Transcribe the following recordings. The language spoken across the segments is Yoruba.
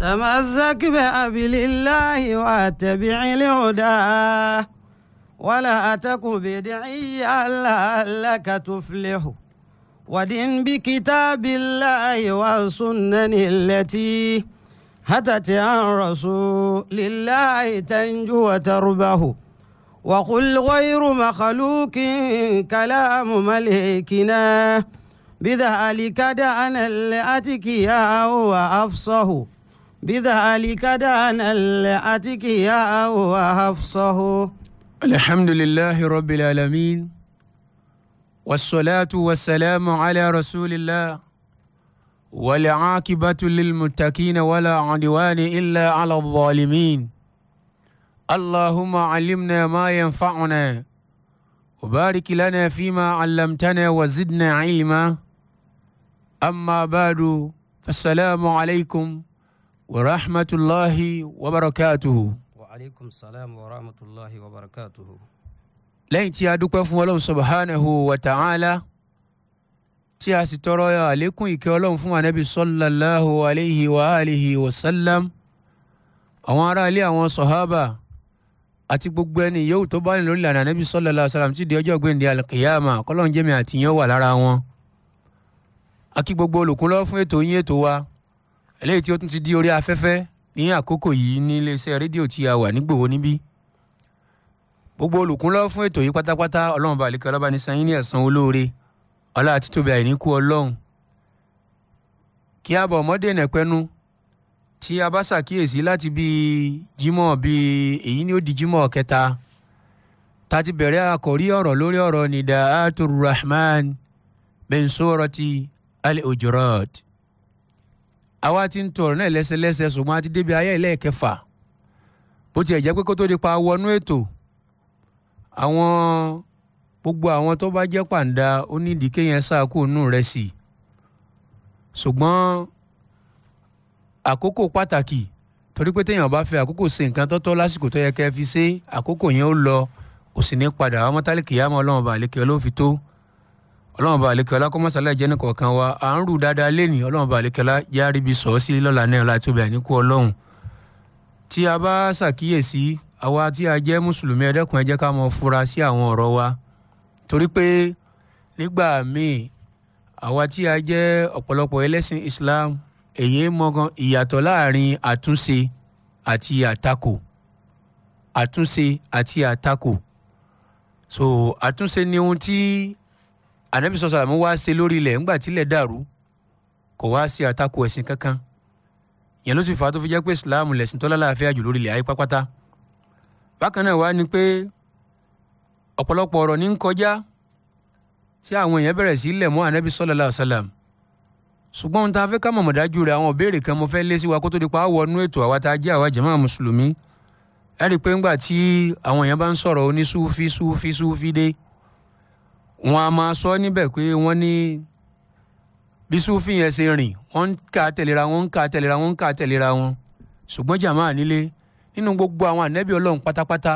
تمزك بأبي الله واتبع لهداه ولا أتك بدعيا لعلك تفلح ودن بكتاب الله والسنن التي هتت عن رسول الله تنجو وتربه وقل غير مخلوق كلام ملكنا بذلك دعنا لأتكياه وأفصه بذلك دان الأتقياء وحفصه الحمد لله رب العالمين والصلاة والسلام على رسول الله والعاقبة للمتقين ولا عدوان إلا على الظالمين اللهم علمنا ما ينفعنا وبارك لنا فيما علمتنا وزدنا علما أما بعد فالسلام عليكم warahmatulahi wabarakatuhu. wa aleykum salaam wa rahmatulahi wabarakatuhu. lẹ́yìn tí a dúpẹ́ fún ọlọ́run subhanahu wa ta'ala tí a sì tọrọ àlékún ìkẹ́ ọlọ́run fún anabi sallallahu alayhi wa alihi wa sallam àwọn aráalé àwọn sọ̀hábà àti gbogbo ẹni yòówù tó bá ní lórí ìlànà anabi sallallahu alayhi wa sallam tí di ọjọ́ gbẹ̀ndé alkiyama kọ́lọ́n jẹ́mi àtìyàn wà lára wọn. a gbogbo olùkúnlọ́ fún ètò yín ètò wa eléyìí tí ó tún ti di orí afẹ́fẹ́ ní àkókò yìí ní iléeṣẹ́ rédíò tí a wà nígbòho níbí gbogbo olùkúnlọ́ fún ètò yìí pátápátá ọlọ́run balẹ̀ kí ọlọ́ba ní san yín ní ẹ̀san olóore ọlá àti tóbi àìníkù ọlọ́run kí a bọ̀ ọmọdé nẹ̀pẹ́nu tí a bá ṣàkíyèsí láti bíi jímọ̀ bíi èyí ni ó di jímọ̀ kẹta tá ti bẹ̀rẹ̀ àkòrí ọ̀rọ̀ lórí ọ̀rọ̀ nìdá aturrahman bin surati al-Hujurat àwa ti ń tọrọ náà lẹ́sẹlẹ́sẹ ṣùgbọ́n a ti débi ayé ẹlẹ́ẹ̀kẹfà bó tiẹ̀ jẹ́ pé kó tó di pa wọnú ètò àwọn gbogbo àwọn tó bá jẹ́ pàǹdà ó ní ìdíkẹ́ yẹn sáàkó nù rẹ̀ sí ṣùgbọ́n àkókò pàtàkì torí pé téèyàn bá fẹ́ àkókò ṣe nǹkan tọ́tọ́ lásìkò tó yẹ kẹ́ fi ṣe àkókò yẹn ó lọ kò ní padà wá mọ́tálíkì yá mọ́ ọlọ́run bàálẹ̀ kí ọlọ́run fi tó ọlọ́run bá àlekẹ́lá kọ́mọ́sálá ìjẹ́ni kọ̀ọ̀kan wa à ń rù dáadáa lẹ́nìí ọlọ́run bá àlekẹ́lá járe bí sọ̀ọ́ sí lọ́la náà láti obìnrin ní kú ọlọ́run tí a bá ṣàkíyèsí àwa tí a jẹ́ mùsùlùmí ẹ̀dẹ́kùn ẹ jẹ́ ká mọ fura sí àwọn ọ̀rọ̀ wa torí pé nígbà míì àwa tí a jẹ́ ọ̀pọ̀lọpọ̀ ẹlẹ́sìn Islam èyí mọ̀gàn ìyàtọ̀ láàrin àtúnṣe àti àtakò àtúnṣe àti àtakò so àtúnṣe ni ohun tí anabi sọ̀sọ̀ àmú wá ṣe lórí ilẹ̀ ńgbà tílẹ̀ dàrú kò wá sí àtakò ẹ̀sìn kankan yẹn ló sì fà á tó fi jẹ́ pé islam lẹ̀sìn tọ́lá láàfíà jù lórí ilẹ̀ ayé pápátá bákan náà wá ni pé ọ̀pọ̀lọpọ̀ ọ̀rọ̀ ní ń kọjá tí àwọn èèyàn bẹ̀rẹ̀ sí lẹ̀ mọ́ anabi sọ̀lá àṣàlám ṣùgbọ́n ohun tá a fẹ́ ká mọ̀mọ́ dájú rẹ̀ àwọn òbéèrè kan mo fẹ́ lé sí wa kó tó di pa á wọnú ètò àwa tá a jẹ́ àwa jàmáà mùsùlùmí ẹ rí i pé ńgbà tí àwọn èèyàn bá ń sọ̀rọ̀ oní súfí súfí dé wọ́n á máa sọ níbẹ̀ pé wọ́n ní bí sufi yẹn ṣe rìn wọ́n ń ka tẹ̀léra wọn ń ka tẹ̀léra wọn ń ka tẹ̀léra wọn ṣùgbọ́n jàmá nílé nínú gbogbo àwọn ànẹ́bí ọlọ́run pátápátá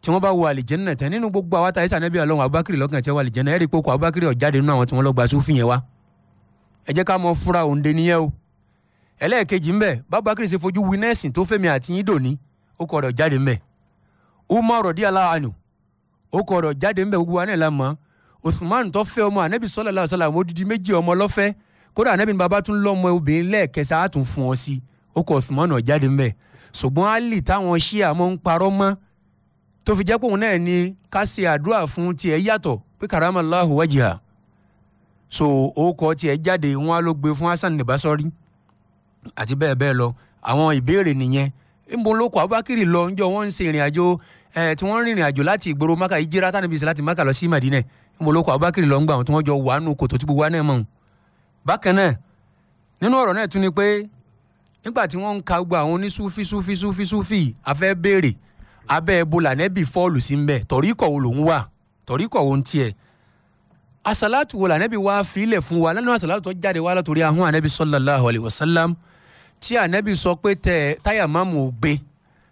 tí wọ́n bá wo àlìjẹ́nà tán nínú gbogbo àwọn àtàyè sànẹ́bí ọlọ́run abubakar lọ́kàn tí wọ́n wà àlìjẹ́nà ẹ̀rí pé kò abubakar ọ̀jáde nínú àwọn tí wọ́n lọ gba sufi yẹn wá ẹ jẹ́ ká mọ fúnra òǹde nìyẹn o ẹlẹ́ẹ̀kejì ńbẹ babakar ṣe fojú winẹ́sìn tó fẹ́mi àti yín dòní ó kọ̀ ọ̀rọ̀ jáde ńbẹ umar rọ̀díàlá àánú ó kọ ọ̀rọ̀ jáde ńbẹ gbogbo wa la mọ̀ Usman tó fẹ́ ọmọ anabi sallallahu alaihi wasallam odidi méjì ọmọ lọ́fẹ́ kódà anabi ní baba tún lọ́mọ obìnrin lẹ́ẹ̀kẹsà á tún fún ọ sí ó kọ Usman náà jáde ńbẹ ṣùgbọ́n Ali táwọn ṣíà mọ́ ń parọ́ mọ́ tó fi jẹ́ pé òun náà ni ká ṣe àdúrà fún tiẹ̀ yàtọ̀ pé karamallahu wajha so orúkọ tiẹ̀ jáde wọn á ló gbé fún Hasan nìbásọ́rí àti bẹ́ẹ̀ bẹ́ẹ̀ lọ àwọn ìbéèrè nìyẹn níbo ló kọ Abubakar lọ níjọ wọn ń ṣe ìrìn àjò tí wọ́n rìnrìn àjò láti ìgboro maka ìjírá tánàbí sí láti maka lọ sí madina mo lóko abubakar lọ ń gbà wọn tí wọ́n jọ wà nù kòtò tí gbogbo wa náà mọ̀ bákan náà nínú ọ̀rọ̀ náà tún ni pé nígbà tí wọ́n ń ka gbogbo àwọn onísúfì súfì súfì súfì afẹ́ béèrè abẹ́ ebola nẹ́bì fọ́ọ̀lù sí mbẹ́ tọ̀ríkọ̀ wo lòún wà tọ̀ríkọ̀ wo ń tiẹ̀ asalatu wo lànẹ́bì wá filẹ̀ fún wa lẹ́nu asalatu tó jáde wá látòrí ahọ́n ànẹ́bì sallallahu alaihi wasallam tí ànẹ́bì sọ pé tẹ táyà máàmù ò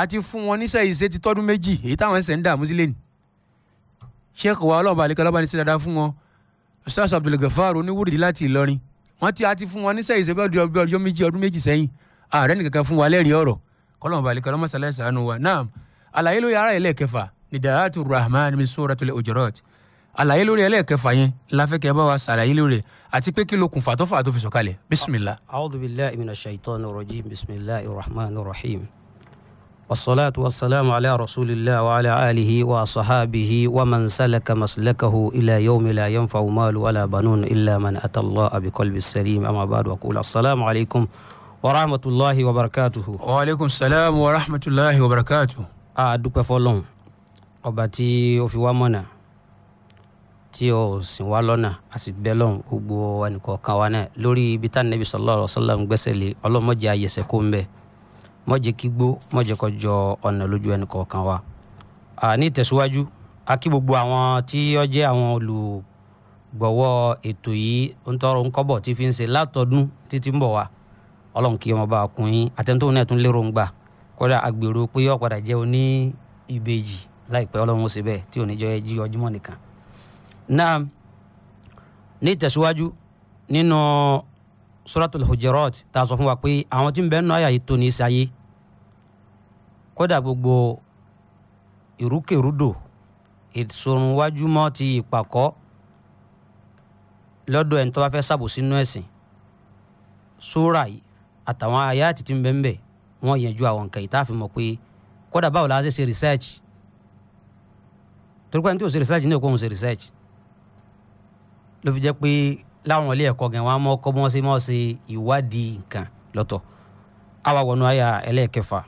àti fún wọn níṣẹ́ ìṣe ti tọ́dún méjì èyí táwọn ẹsẹ̀ ń dààmú sílé ni sheikh wa ọlọ́ọ̀bà àlekẹ́ ọlọ́ba ní sí dáadáa fún wọn ustaz abdulgafar oníwúrìdí láti ìlọrin wọn ti àti fún wọn níṣẹ́ ìṣe bí ọjọ́ méjì ọdún méjì sẹ́yìn ààrẹ nìkankan fún wa lẹ́rìí ọ̀rọ̀ kọ́lọ́ọ̀bà àlekẹ́ ọlọ́mọ sàlẹ̀ sànù wa naam àlàyé lórí ara ẹlẹ́ẹ̀kẹfà nidaatu rahman min suratul hujurat àlàyé lórí ẹlẹ́ẹ̀kẹfà yẹn láfẹ́kẹ́ bá rahim. والصلاة والسلام على رسول الله وعلى آله وصحابه ومن سلك مسلكه إلى يوم لا ينفع مال ولا بنون إلا من أتى الله بقلب السليم أما بعد وقول السلام عليكم ورحمة الله وبركاته وعليكم السلام ورحمة الله وبركاته أدوك فولون أباتي وفي وامنا tí o sìn wá lọ́nà a sì bẹ lọ́hùn gbogbo ẹnìkọ̀ọ̀kan wa náà lórí ibi tá nàbì sallallahu alaihi wasallam gbẹ́sẹ̀ lé ọlọ́mọdé ayẹsẹ̀ kó ń má jẹ́ kí gbó má jẹ́ kó jọ ọ̀nà lójú ẹnì kọ̀ọ̀kan wa. ní ìtẹ̀síwájú a kí gbogbo àwọn tí ó jẹ́ àwọn olùgbọ̀wọ́ ètò yìí ń tọrọ ń kọ́bọ̀ tí fi ń ṣe látọdún títí ń bọ̀ wá ọlọ́run kí ọmọ bá kun yín àtẹ̀ntò náà tún lérò ń gbà kódà agbèrò pé yóò padà jẹ́ oní ìbejì láìpẹ́ ọlọ́run ó ṣe bẹ́ẹ̀ tí ò jọ ẹ jí ọjúmọ́ nìkan. náà ní ìtẹ̀síwájú nínú suratul hujurat tá sọ fún wa pé àwọn tí ń bẹ́ẹ̀ nù àyà yìí tó ní sáyé kódà gbogbo ìrúkèrúdò ìsorunwájú mọ́ ti ìpàkọ́ lọ́dọ̀ ẹni tó bá fẹ́ ṣàbòsí nínú ẹ̀sìn sóra yìí àtàwọn àyàtì tí ń bẹ ń bẹ wọ́n yẹjú àwọn nǹkan yìí tá a fi mọ̀ pé kódà báwo la ṣe ṣe research torí pé ẹni tí ò ṣe research ní òkú òun ṣe research ló fi jẹ́ pé láwọn ilé ẹ̀kọ́ gan wọn á mọ́ kọ́ bí wọ́n ṣe mọ́ ṣe ìwádìí nǹkan lọ́tọ̀ àwa wọnú àyà ẹlẹ́ẹ̀kẹfà.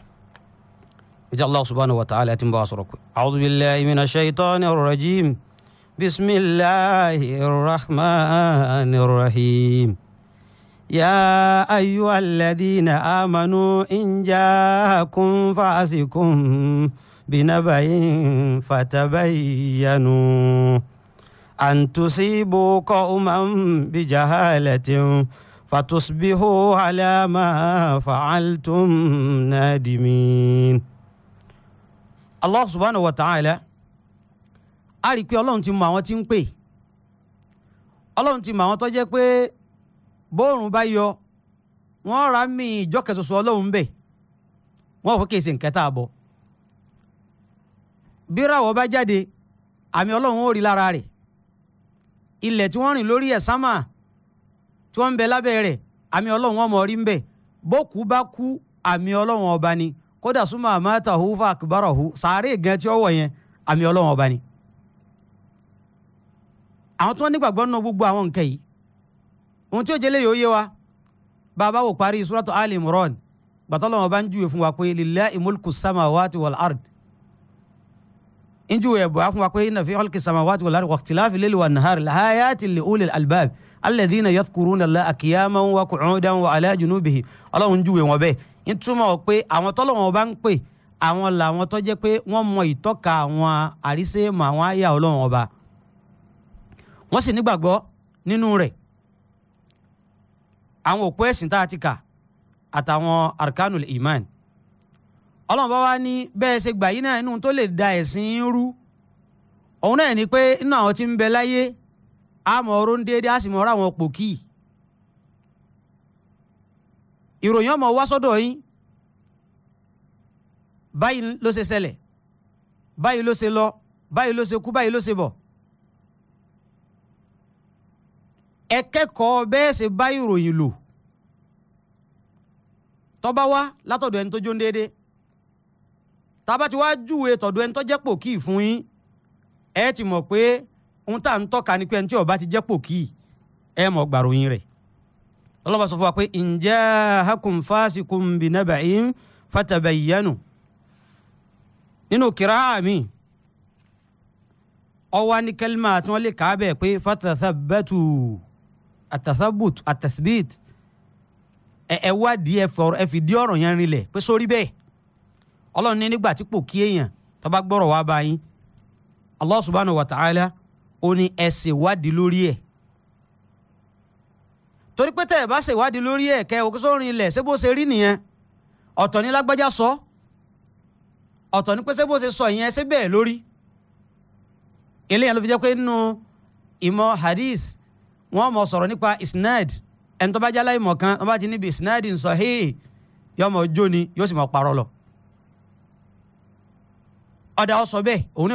إذا الله سبحانه وتعالى يتم بأسرك أعوذ بالله من الشيطان الرجيم بسم الله الرحمن الرحيم يا أيها الذين آمنوا إن جاءكم فاسكم بنبأ فتبينوا أن تصيبوا قوما بجهالة فتصبحوا على ما فعلتم نادمين allah subhanahu wa ta'ala a rí i pé ọlọ́run ti mọ àwọn tí ń pè ọlọ́run ti mọ àwọn tó jẹ́ pé bóòrùn bá yọ wọ́n ra mí ìjọ kẹsọsọ ọlọ́run bẹ̀ wọ́n fọ́ kéèsì nkẹta àbọ̀ bí ráwọ̀ bá jáde àmì ọlọ́run ó rí lára rẹ̀ ilẹ̀ tí wọ́n rìn lórí ẹ̀ sámà tí wọ́n ń bẹ lábẹ́ rẹ̀ àmì ọlọ́run ọmọ rí ń bẹ̀ bókú bá kú àmì ọlọ́run ọba ni kódà súnmọ́ àmọ́ta húfà àkùbárọ̀ hù sàárè gan tí ó wọ̀ yẹn àmì ọlọ́wọ́n ọba ni. àwọn tí wọ́n nígbàgbọ́ nínú gbogbo àwọn nǹkan yìí ohun tí ó jẹ́lẹ̀ yóò yé wa bàbá wò parí suratu ali imran gbàtọ́lọ́wọ́n bá ń júwe fún wa pé lillahi mulku samawati wal ard ń júwe ẹ̀bùrà fún wa pé inna fi khalqi samawati wal ard wa ikhtilafi lil wa nahar lahayati li ulil ń túmọ̀ pé àwọn tọ́lọ́wọ́n bá ń pè àwọn làwọn tó jẹ́ pé wọ́n mọ ìtọ́ka àwọn àrísẹ́mọ̀ àwọn àyà ọlọ́wọ́n ọba wọ́n sì nígbàgbọ́ nínú rẹ̀ àwọn òpó ẹ̀sìn tá a ti kà àtàwọn arkanul iman ọlọ́run bá wá ní bẹ́ẹ̀ ṣe gbà yín náà inú tó lè da ẹ̀sìn rú òun náà ní pé inú àwọn tí ń bẹ láyé àmọ́ ọ̀rọ̀ ń déédéé á sì mọ̀ ọ́rọ̀ àwọn pòkì yìí ìròyìn ọmọ wá sọ́dọ̀ yín báyìí ló ṣe ṣẹlẹ̀ báyìí ló ṣe lọ báyìí ló ṣe kú báyìí ló ṣe bọ̀ ẹ kẹ́kọ̀ọ́ bẹ́ẹ̀ ṣe bá ìròyìn lò tọ́ba wá látọ̀dọ̀ ẹni tó jó ń déédéé tába ti wá júwe tọ̀dọ̀ ẹni tó jẹ́ pò kíì fún yín ẹ ti mọ̀ pé ohun tá à ń tọ́ka ni pé ẹni tí ó ti jẹ́ pò kíì ẹ mọ̀ gbàròyìn rẹ̀ ọlọ́ba sọ fún wa pé ǹjẹ́ hakum fasikum binabain fatabayyanu nínú kìráà mi ọwọ́ ní kẹlímà tí wọ́n lè kà á bẹ̀ pé fatathabbatu atathabut atasbit ẹ wádìí ẹ fìdí ọ̀rọ̀ yẹn rinlẹ̀ pé sórí bẹ́ẹ̀ ọlọ́run ní nígbà tí pò kí èèyàn tó bá gbọ́rọ̀ bá yín Allah subhanahu wa ta'ala ó ní ẹ ṣèwádìí lórí ẹ̀ torí pé tẹ́ ẹ̀ bá ṣe ìwádìí lórí ẹ̀ kẹ́ òkú ṣé bó ṣe rí nìyẹn ọ̀tọ̀ ní lágbájá sọ ọ̀tọ̀ ní pé ṣé bó ṣe sọ ìyẹn ṣé bẹ́ẹ̀ lórí eléyàn ló fi jẹ́ pé nínú ìmọ̀ hadith wọ́n mọ̀ sọ̀rọ̀ nípa isnad ẹni tó bá jálá kan bá ti níbi isnad ń sọ hey ni yóò sì lọ òun ní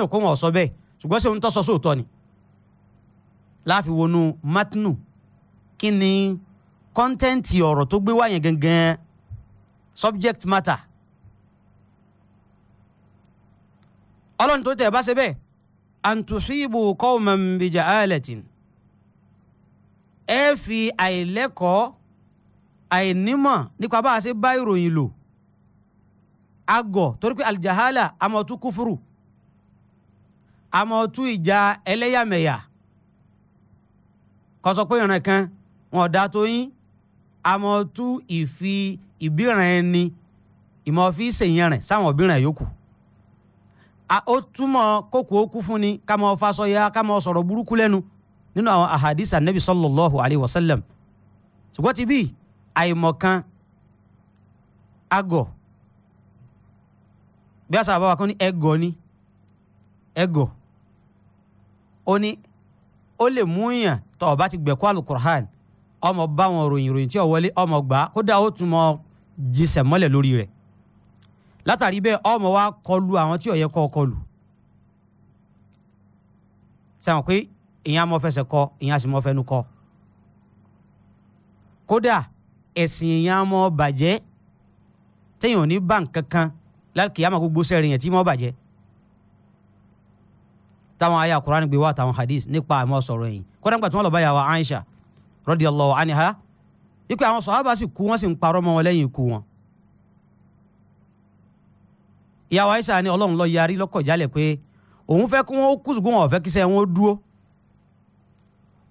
òkú wọn matnu kí ni kọ́ńtẹ́ǹtì ọ̀rọ̀ tó gbé wáyẹn gangan subject matter ọlọ́run tó tẹ̀ bá ṣe bẹ́ẹ̀ antusibu qawman bijahalatin ẹ fi àìlẹ́kọ̀ọ́ àìnímọ̀ nípa bá a ṣe bá ìròyìn lò agọ̀ torí pé aljahala amọ̀tú kúfúrú amọ̀tú ìjà ẹlẹ́yàmẹ̀yà kọ́sọ́ pé ìrìn kan wọn ò dáa tó yín àmọ́ tú ìfi ìbíran ẹni ìmọ̀ fi ṣèyàn rẹ̀ sáwọn òbíràn yòókù ó túmọ̀ kókò ókú fún ni ká mọ fasọyà ká mọ sọ̀rọ̀ burúkú lẹ́nu nínú àwọn ahadisa nabi sallallahu alayhi wa sallam ṣùgbọ́n ti bí àìmọ̀kan agọ̀ bí àṣà àbáwá kan ní ẹgọ̀ ni ẹgọ̀ ó ní ó lè mú yàn tó bá ti gbẹ̀kọ́ alukur'an ọmọ bá wọn ròyìn ròyìn tí ò wọlé ọmọ gbà kódà ó tún mọ jisẹ̀ mọ́lẹ̀ lórí rẹ̀ látàrí bẹ́ẹ̀ ọmọ wa kọlu àwọn tí ò yẹ kọ́ kọlu sẹ́wọ̀n pé ìyẹn mọ fẹsẹ̀ kọ ìyẹn sì mọ fẹnu kọ kódà ẹ̀sìn ìyẹn mọ bàjẹ́ téèyàn ò ní bá nǹkan kan lákìyàmà gbogbo sẹ́rin yẹn tí mọ bàjẹ́ táwọn àyà Kùránì gbé wá táwọn hadith nípa àmọ́ sọ̀rọ̀ yìí kódà nígbà tí wọ́n lọ bá yà wá Aisha radiyallahu anha ikú àwọn sọ̀hábà sì kú wọ́n sì ń parọ́ mọ́ wọn lẹ́yìn ikú wọn. ìyàwó Aisha ni ọlọ́run lọ yarí lọ́kọ̀ jálẹ̀ pé òun fẹ́ kí wọ́n kú ṣùgbọ́n wọn ò fẹ́ kí sẹ́ wọn dúró.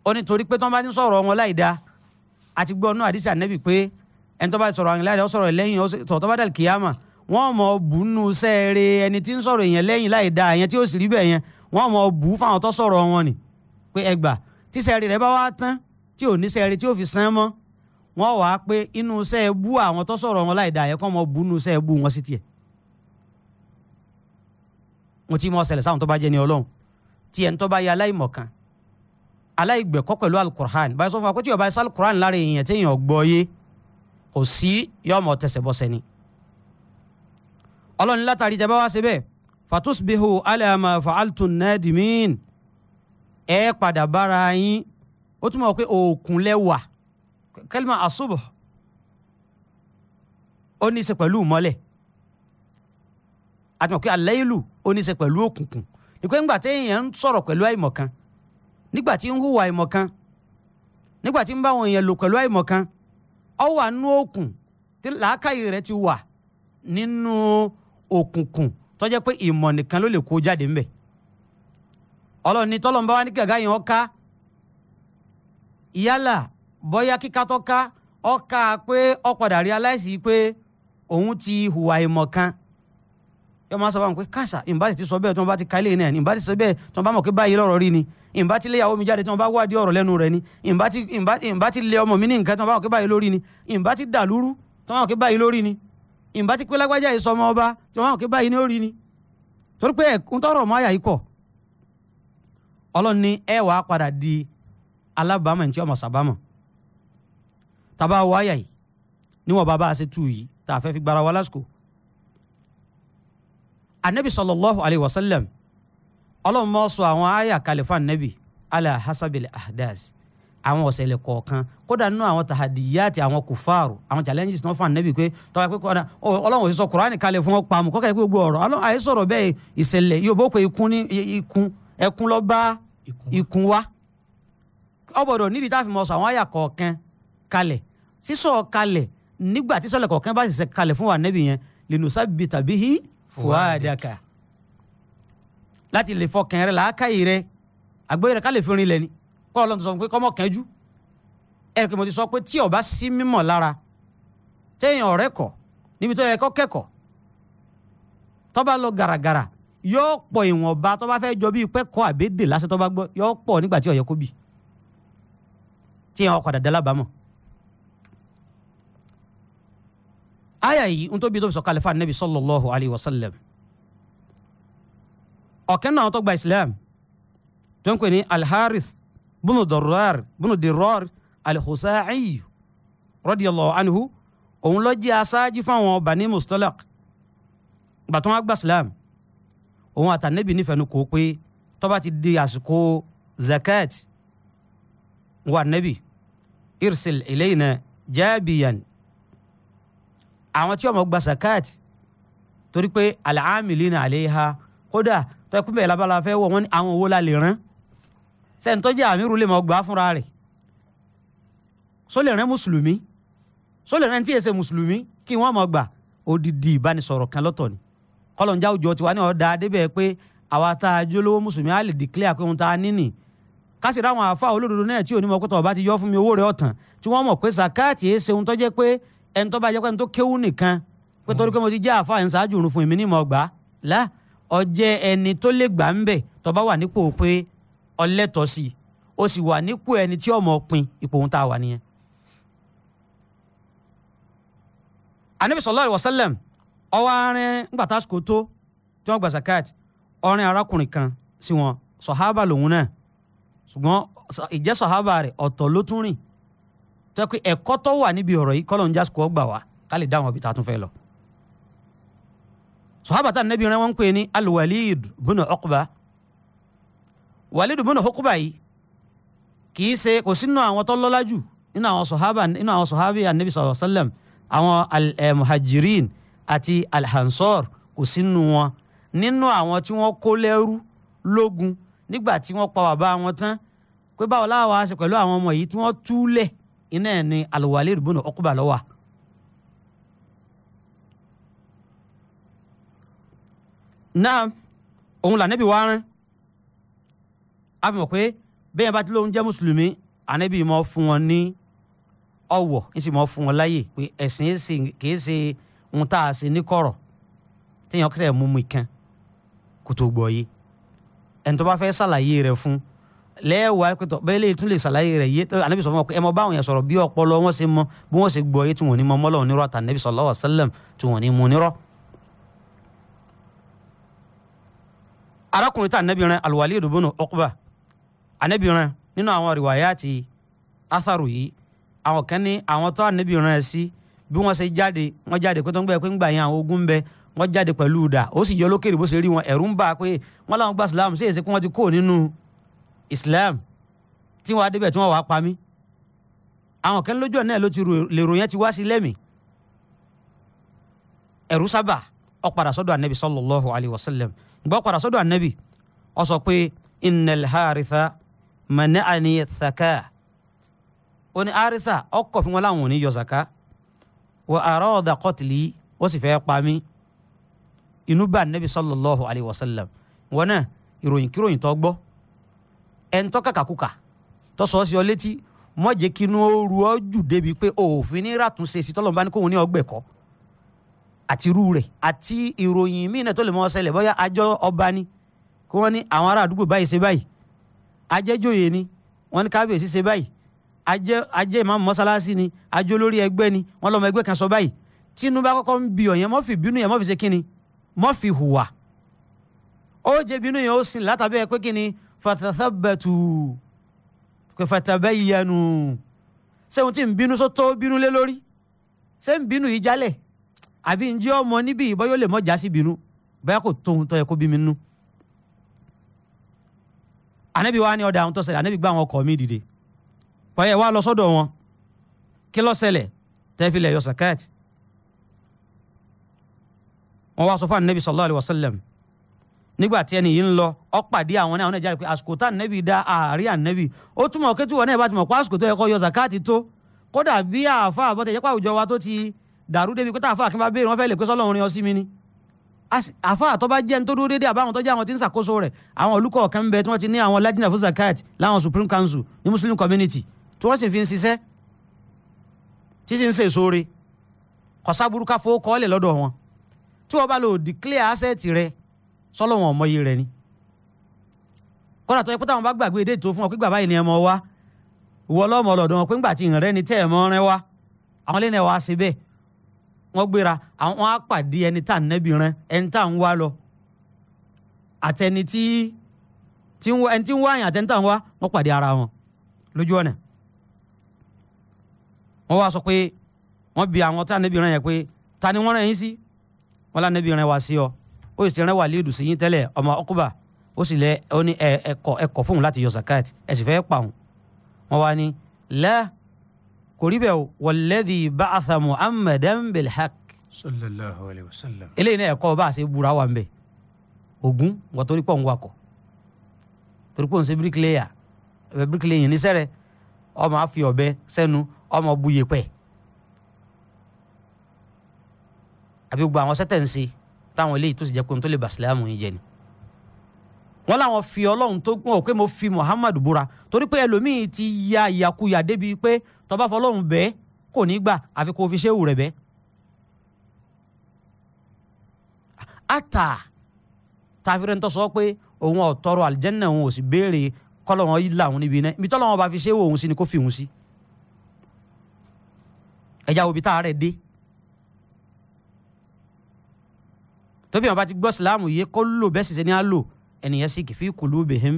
ó ní torí pé tó ń bá ní sọ̀rọ̀ wọn láì dáa àti gbọ́ náà àdìsí ànẹ́bì pé ẹni tó bá sọ̀rọ̀ àwọn ìlànà sọ̀rọ̀ lẹ́yìn tó tó bá dàlù kìyàmà wọ́n mọ̀ bù nù ẹni tí ń sọ̀rọ̀ yẹn lẹ́yìn láì dáa yẹn tí ó sì rí bẹ́ẹ̀ yẹn wọ́n mọ̀ bù fáwọn tó sọ̀rọ̀ wọn ni pé ẹgbà tí sẹ́ẹ̀rẹ̀ bá wá tán tí ò níṣẹ́ rí tí ò fi sán mọ́ wọ́n wàá pé inú iṣẹ́ bú àwọn tó sọ̀rọ̀ wọn láì dá yẹ kọ́ mọ bú inú iṣẹ́ bú wọn sí tiẹ̀ mo ti mọ ṣẹlẹ̀ sáwọn tó bá jẹ́ ni ọlọ́run tiẹ̀ ń tó bá yẹ aláìmọ̀kan aláìgbẹ̀kọ́ pẹ̀lú alukur'an báyìí sọ fún wa pé tí o bá ṣe alukur'an lára èèyàn téèyàn gbọ́ yé kò sí yọmọ tẹsẹ̀ bọ́sẹ̀ ni ọlọ́run látàrí tẹ́ bá wá síbẹ̀ fatusbihu alama fa'altun nadimin ẹ padà bára yín ó tún pé òòkùn lẹ́wà kẹ́lìmọ̀ àṣùbọ̀ ó ní í ṣe pẹ̀lú ìmọ́lẹ̀ àti mọ̀ alayilu àlẹ́yìlù ó ní í ṣe pẹ̀lú òkùnkùn ń sọ̀rọ̀ pẹ̀lú àìmọ̀kan nígbà tí ń hùwà àìmọ̀kan nígbà tí ń bá àwọn èèyàn lò pẹ̀lú àìmọ̀kan wà tí làákàyè ti wà nínú òkùnkùn pé ìmọ̀ nìkan ló lè kó jáde yálà bóyá kíka tó ká ọkà pé ọ̀padà realize pé òun ti hùwà ìmọ̀ kan yọ máa sọ fún mi pé káṣà ìbá ti sọ bẹ́ẹ̀ tí wọ́n bá ti ka ilé náà ni ìbá ti sọ bẹ́ẹ̀ tí wọ́n bá mọ̀ pé báyìí lọ́rọ̀ rí ni ìbá ti lé ìyàwó mi jáde tí wọ́n bá wádìí ọ̀rọ̀ lẹ́nu rẹ̀ ni ìbá ti lé ọmọ mi ní nǹkan tí wọ́n bá mọ̀ pé báyìí lórí ni ìbá ti dàlúrú tí wọ́n mọ̀ pé báyìí lórí ni ìbá ti pé lágbájá yìí sọmọ ọba tí wọ́n di alábàámọ̀ ntí ọmọ sábàámọ̀ Taba wáyà yìí níwọ̀n bá bá a ṣe tú yìí tá a fẹ́ fi gbára wa lásìkò anabi sallallahu alayhi wa sallam ọlọ́run mọ́ sọ àwọn àyà kalifa nabi ala hasabil ahdas àwọn ọ̀sẹ̀lẹ̀ kọ̀ọ̀kan kódà nínú àwọn tahadiyaati àwọn kùfààrù àwọn challenges náà fún anabi pé tọ́wọ́ pé kọ́dà ọlọ́run òṣìṣọ́ kùránì kalẹ̀ fún ọ̀pá mu kọ́kà gbogbo ọ̀rọ̀ àyè sọ̀rọ̀ bẹ́ẹ̀ ìṣẹ̀lẹ̀ yóò bó pé ikun ní ikun bá ikun wá ọgbọ́dọ̀ nídìí tá a fi mọ sọ àwọn àyà kọ̀ọ̀kan kalẹ̀ sísọ kalẹ̀ nígbà tí sọlẹ̀ kọ̀ọ̀kan bá sì sẹ kalẹ̀ fún wa nẹ́bì yẹn lẹ́nu sábì tàbí hí fúwádàkà láti lè fọkàn rẹ làákàyè rẹ àgbẹ̀yẹ rẹ ká lè ni kọ́ ọ lọ́n tó sọ pé kọ́mọ kẹjú ẹ̀rọ kí mo ti sọ pé tí ọba sí mímọ̀ lára téèyàn ọ̀rẹ́ kọ̀ níbi tó yẹ kọ́ kẹ́kọ̀ọ́ tọ́ba lọ gàràgàrà yóò pọ̀ ìwọ̀nba tọ́ba fẹ́ jọ bí pẹ́kọ̀ àbédè lásán tọ́ba gbọ́ yóò pọ̀ nígbà tí ó kó bì tí yẹn ọkọ̀ dàdá lábàámọ̀. aya yìí n tó bí tó fi sọ kalifa nabi sallallahu alayhi wa sallam ọ̀kẹ́ náà tó gba islam tó ń pè ní alharis bunu dọ̀rọ̀r bunu dìrọ̀r alhusa'i radiyallahu anhu òun ló jẹ́ aṣáájú fáwọn bani mustalaq gbàtọ́ wọn gba islam òun àtànẹ́bì nífẹ̀ẹ́nu kò pé tó ti di àsìkò zakat wà nẹ́bì irsil ilayna jaabiyan àwọn tí ó máa gba zakat torí pé alaamilina aleha kódà tẹkùnbẹ labala fẹ wọ wọn ni àwọn owó la lè rán sẹńtọjẹ amiru lè máa gbà fúnra rẹ̀ sólè rán mùsùlùmí sólè rán tí èsè mùsùlùmí kí wọn máa gbà odidi ìbánisọ̀rọ̀ kan lọ́tọ̀ ni kọlọńjà òjò tiwa ni ọdà adébẹ pé àwa tá a jólówó mùsùlùmí á lè dìklẹ́ àpéhun tá a níní kásì ráwọn àáfà olódodo náà tí onímọ̀ pé tọ̀ọ̀bá ti yọ fún mi owó rẹ̀ ọ̀tàn tí wọ́n mọ̀ pé sàkáàtì èé ṣeun tó jẹ́ pé ẹni tó bá jẹ́ pé ẹni tó kéwú nìkan pé torí pé mo ti jẹ́ àáfà ẹ̀ ń ṣáájú òrùn fún èmi ní ìmọ̀ gbà á lá ọjẹ́ ẹni tó lè gbà ń bẹ̀ tó bá wà nípò pé ọlẹ́tọ̀ sí i sì wà nípò ẹni tí ọmọ pin ipò ohun tá a wà nìyẹn. anabi sallallahu alaihi wasallam lòun náà ṣùgbọ́n ìjẹ́ sọ̀hábà rẹ̀ ọ̀tọ̀ ló tún rìn tó yẹ pé ẹ̀kọ́ tó wà níbi ọ̀rọ̀ yìí kọ́lọ̀ ń jásùkú ọgbà wá ká lè dá àwọn ibi tá a tún fẹ́ lọ. sọ̀hábà tá nẹ́bí rẹ̀ wọ́n ń pè ní alwalid bùnà ọkùbà walid bùnà ọkùbà yìí kì í ṣe kò sínú àwọn tó lọ́lá jù nínú àwọn sọ̀hábà nínú àwọn àwọn eh, muhajirin àti alhansor kò sínú wọn nínú àwọn tí wọ́n kó lẹ́rú lógun nígbà tí wọ́n pa bàbá wọn tán pé báwo láwa ṣe pẹ̀lú àwọn ọmọ yìí tí wọ́n túlẹ̀ iná ẹ̀ ní Al-Walid ibn Uqba náà òun lànàbí wa rán a fi mọ̀ pé bẹ́ẹ̀ bá ti lóun jẹ́ mùsùlùmí ànábì mọ́ fún wọn ní ọ̀wọ̀ ń sì mọ́ fún wọn láyè pé ẹ̀sìn kìí ṣe ohun tá a ṣe ní kọ̀rọ̀ téèyàn kẹsẹ̀ mú mi kan kó tó gbọ́ yìí ẹni tó bá fẹ́ ṣàlàyé rẹ̀ fún lẹ́ẹ̀wá pẹ̀tọ̀ bẹ́ẹ̀ lè tún lè ṣàlàyé rẹ̀ yé anabi sọ fún wọn pé ẹ mọ báwọn yẹn sọ̀rọ̀ bí ọpọlọ wọn ṣe mọ bí wọn ṣe gbọ́ yé tí wọn ní mọ mọ́lọ́wọ́n nírọ̀ àtà nabi sallallahu alaihi wasallam tí wọn ní mu nírọ̀. arákùnrin tá anabi rán al-Walid ibn Uqba anabi rán nínú àwọn rìwáyàtì atharu yìí àwọn kan ní àwọn tó anabi rán ẹ bí wọn ṣe jáde wọn jáde pé ń gbẹ pé ń gbà yẹn àwọn ogun bẹ́ẹ̀ wọ́n jáde pẹ̀lú ìdà ó sì yọ lókèrè bó ṣe rí wọn ẹ̀rù ń bà pé wọ́n làwọn gba islam sí èsì kí wọ́n ti kó nínú islam tí wọ́n á débẹ̀ tí wọ́n wàá pa mí àwọn kan lójú ọ̀nà ẹ̀ ló ti lèrò yẹn ti wá sí lẹ́mì ẹ̀rù sábà ó padà sọ́dọ̀ anabi sallallahu alayhi wa sallam gbọ́ padà sọ́dọ̀ anabi ó sọ pé innal haritha mana'ani thaka ó ní harisa ọkọ̀ fún wọn láwọn ò ní yọ zaka wa arada qatli ó sì fẹ́ pa mí inú bá anabi sallallahu alayhi wa sallam wọn náà ìròyìn kíròyìn tó gbọ́ ẹn tó kàkàkùkà tó sọ ọ́ sí ọ létí mọ́ jẹ́ kí inú ó ru ọ́ jù débi pé òfin ní ràtúnṣe sí tọ́lọ́mùbá ní kóhun ní ọgbẹ́ kọ́ àti irú rẹ̀ àti ìròyìn míì náà tó lè mọ́ ṣẹlẹ̀ bóyá àjọ ọba ni kí wọ́n ní àwọn ará àdúgbò báyìí ṣe báyìí ajẹ́jòyè ni wọ́n ní kábíyèsí ṣe báyìí ajẹ́ ajẹ́ ìmáàmù mọ́sálásí ni ajẹ́ olórí ẹgbẹ́ ni wọ́n lọ́mọ ẹgbẹ́ kan sọ báyìí tínú bá kọ́kọ́ ń bi ọ̀yẹ́ mọ́fì bínú yẹn mọ́fì ṣe kínni mọ́fì hùwà ó jẹ̀bi inú yẹn ó sì látàbí ẹ pé kí ni fatathabatu pé fatabayyanu sẹ́wọ́n tí ń bínú só tó bínú lé lórí ṣé ń bínú yìí jálẹ̀ àbí ń jẹ́ ọmọ níbí ìbọn yóò lè mọ́ jásí bínú báyà kò tóun tó yẹ kó bí mi nú. ànábì wa ni ọ̀dà àwọn tó ṣẹlẹ̀ ànábì gbá àwọn ọkọ̀ mi dìde pààyà wa lọ sọ́dọ̀ wọn kí ló ṣẹlẹ̀ yọ sàkáàtì wọ́n wá sọ fún anabi sallallahu alayhi wa sallam nígbà tí ẹni yìí ń lọ ọ pàdé àwọn náà àwọn náà jáde pé àsìkò tá anabi dá àárín anabi ó túmọ̀ kí tí wọn náà bá ti mọ̀ pé àsìkò tó yẹ kó yọ zakati tó kódà bí àáfà àbọ̀tẹ̀ yẹ́pẹ́ àwùjọ wa tó ti dàrú débi pé táàfà kí n bá béèrè wọn fẹ́ lè pé sọ́lọ́ orin ọsí mi ni àáfà àtọ́ bá jẹ́ ní tó àbáwọn tó jẹ́ àwọn tí ń ṣàkóso rẹ̀ àwọn olùkọ́ kan ń bẹ kọ́ọ́lẹ̀ lọ́dọ̀ wọn tí wọ́n bá lò declare asset rẹ sọ́lọ́wọ́n ọmọye rẹ ni kọ́dà tó yẹ pé táwọn bá gbàgbé èdè tó fún ọ pé gbàgbá yìí ni ẹ mọ wá wọ lọ́mọ ọlọ́dún wọn pé ńgbà tí ìrìn rẹ ni tẹ́ ẹ mọ rẹ wá àwọn lẹ́nu ẹ̀ wá sí bẹ́ẹ̀ wọ́n gbéra àwọn á pàdé ẹni tá à ń nẹ́bi rẹ ẹni tá à ń wá lọ àtẹni tí tí ń wá ẹni tí ń wá àyàn àtẹni tá à ń wá wọ́n pàdé ara wọn lójú ọ̀nà wọ́n wá sọ pé wọ́n bi àwọn tá à ń nẹ́bi rẹ yẹn pé ta ni wọ́n rẹ̀ yín sí wọn lànà bí rán wa sí ọ ó sì rán wa lídùú sí yín tẹ́lẹ̀ ọmọ ọkùbà ó sì lẹ ó ní ẹ ẹkọ ẹkọ fóun láti yọ zakat ẹ sì fẹ́ pa òun wọn wá ní lẹ kò rí bẹ́ẹ̀ walladhi ba'atha muhammadan bilhaq. sallallahu alayhi wa sallam. eléyìí náà ẹ̀kọ́ bá a ṣe búra wa ń ogun wọ́n torí pọ̀ ń wakọ̀ torí pọ̀ ń bíríkìlẹ́yà bíríkìlẹ́yìn ní ọmọ àfi ọ̀bẹ sẹ́nu ọmọ buyè àbí gbogbo àwọn sẹ́tẹ̀ ń ṣe táwọn eléyìí tó sì jẹ́ pé n tó lè bà sílámù yín jẹ́ ni. wọ́n láwọn fi ọlọ́run tó gún pé mo fi muhammadu búra torí pé ẹlòmíín ti ya ìyàkuyà débi pé tó bá fọlọ́run bẹ́ẹ̀ kò ní gbà àfi kò fi ṣéwù rẹ̀ bẹ́ẹ̀. ata tàfírẹ́ ń tọ́ sọ pé òun ò tọrọ àlìjẹ́nà òun ò sì béèrè kọ́lọ́wọ́n yìí làwọn níbi iná ibi tọ́lọ́wọ́n bá fi ṣéwù òun sí ni kó fi òun sí. ẹja òbí tá a rẹ̀ dé tóbi wọn bá ti gbọ́ síláàmù yìí kó lò bẹ́ẹ̀ sì ṣe ni á lò ẹnìyẹn sì kì fi kulubihim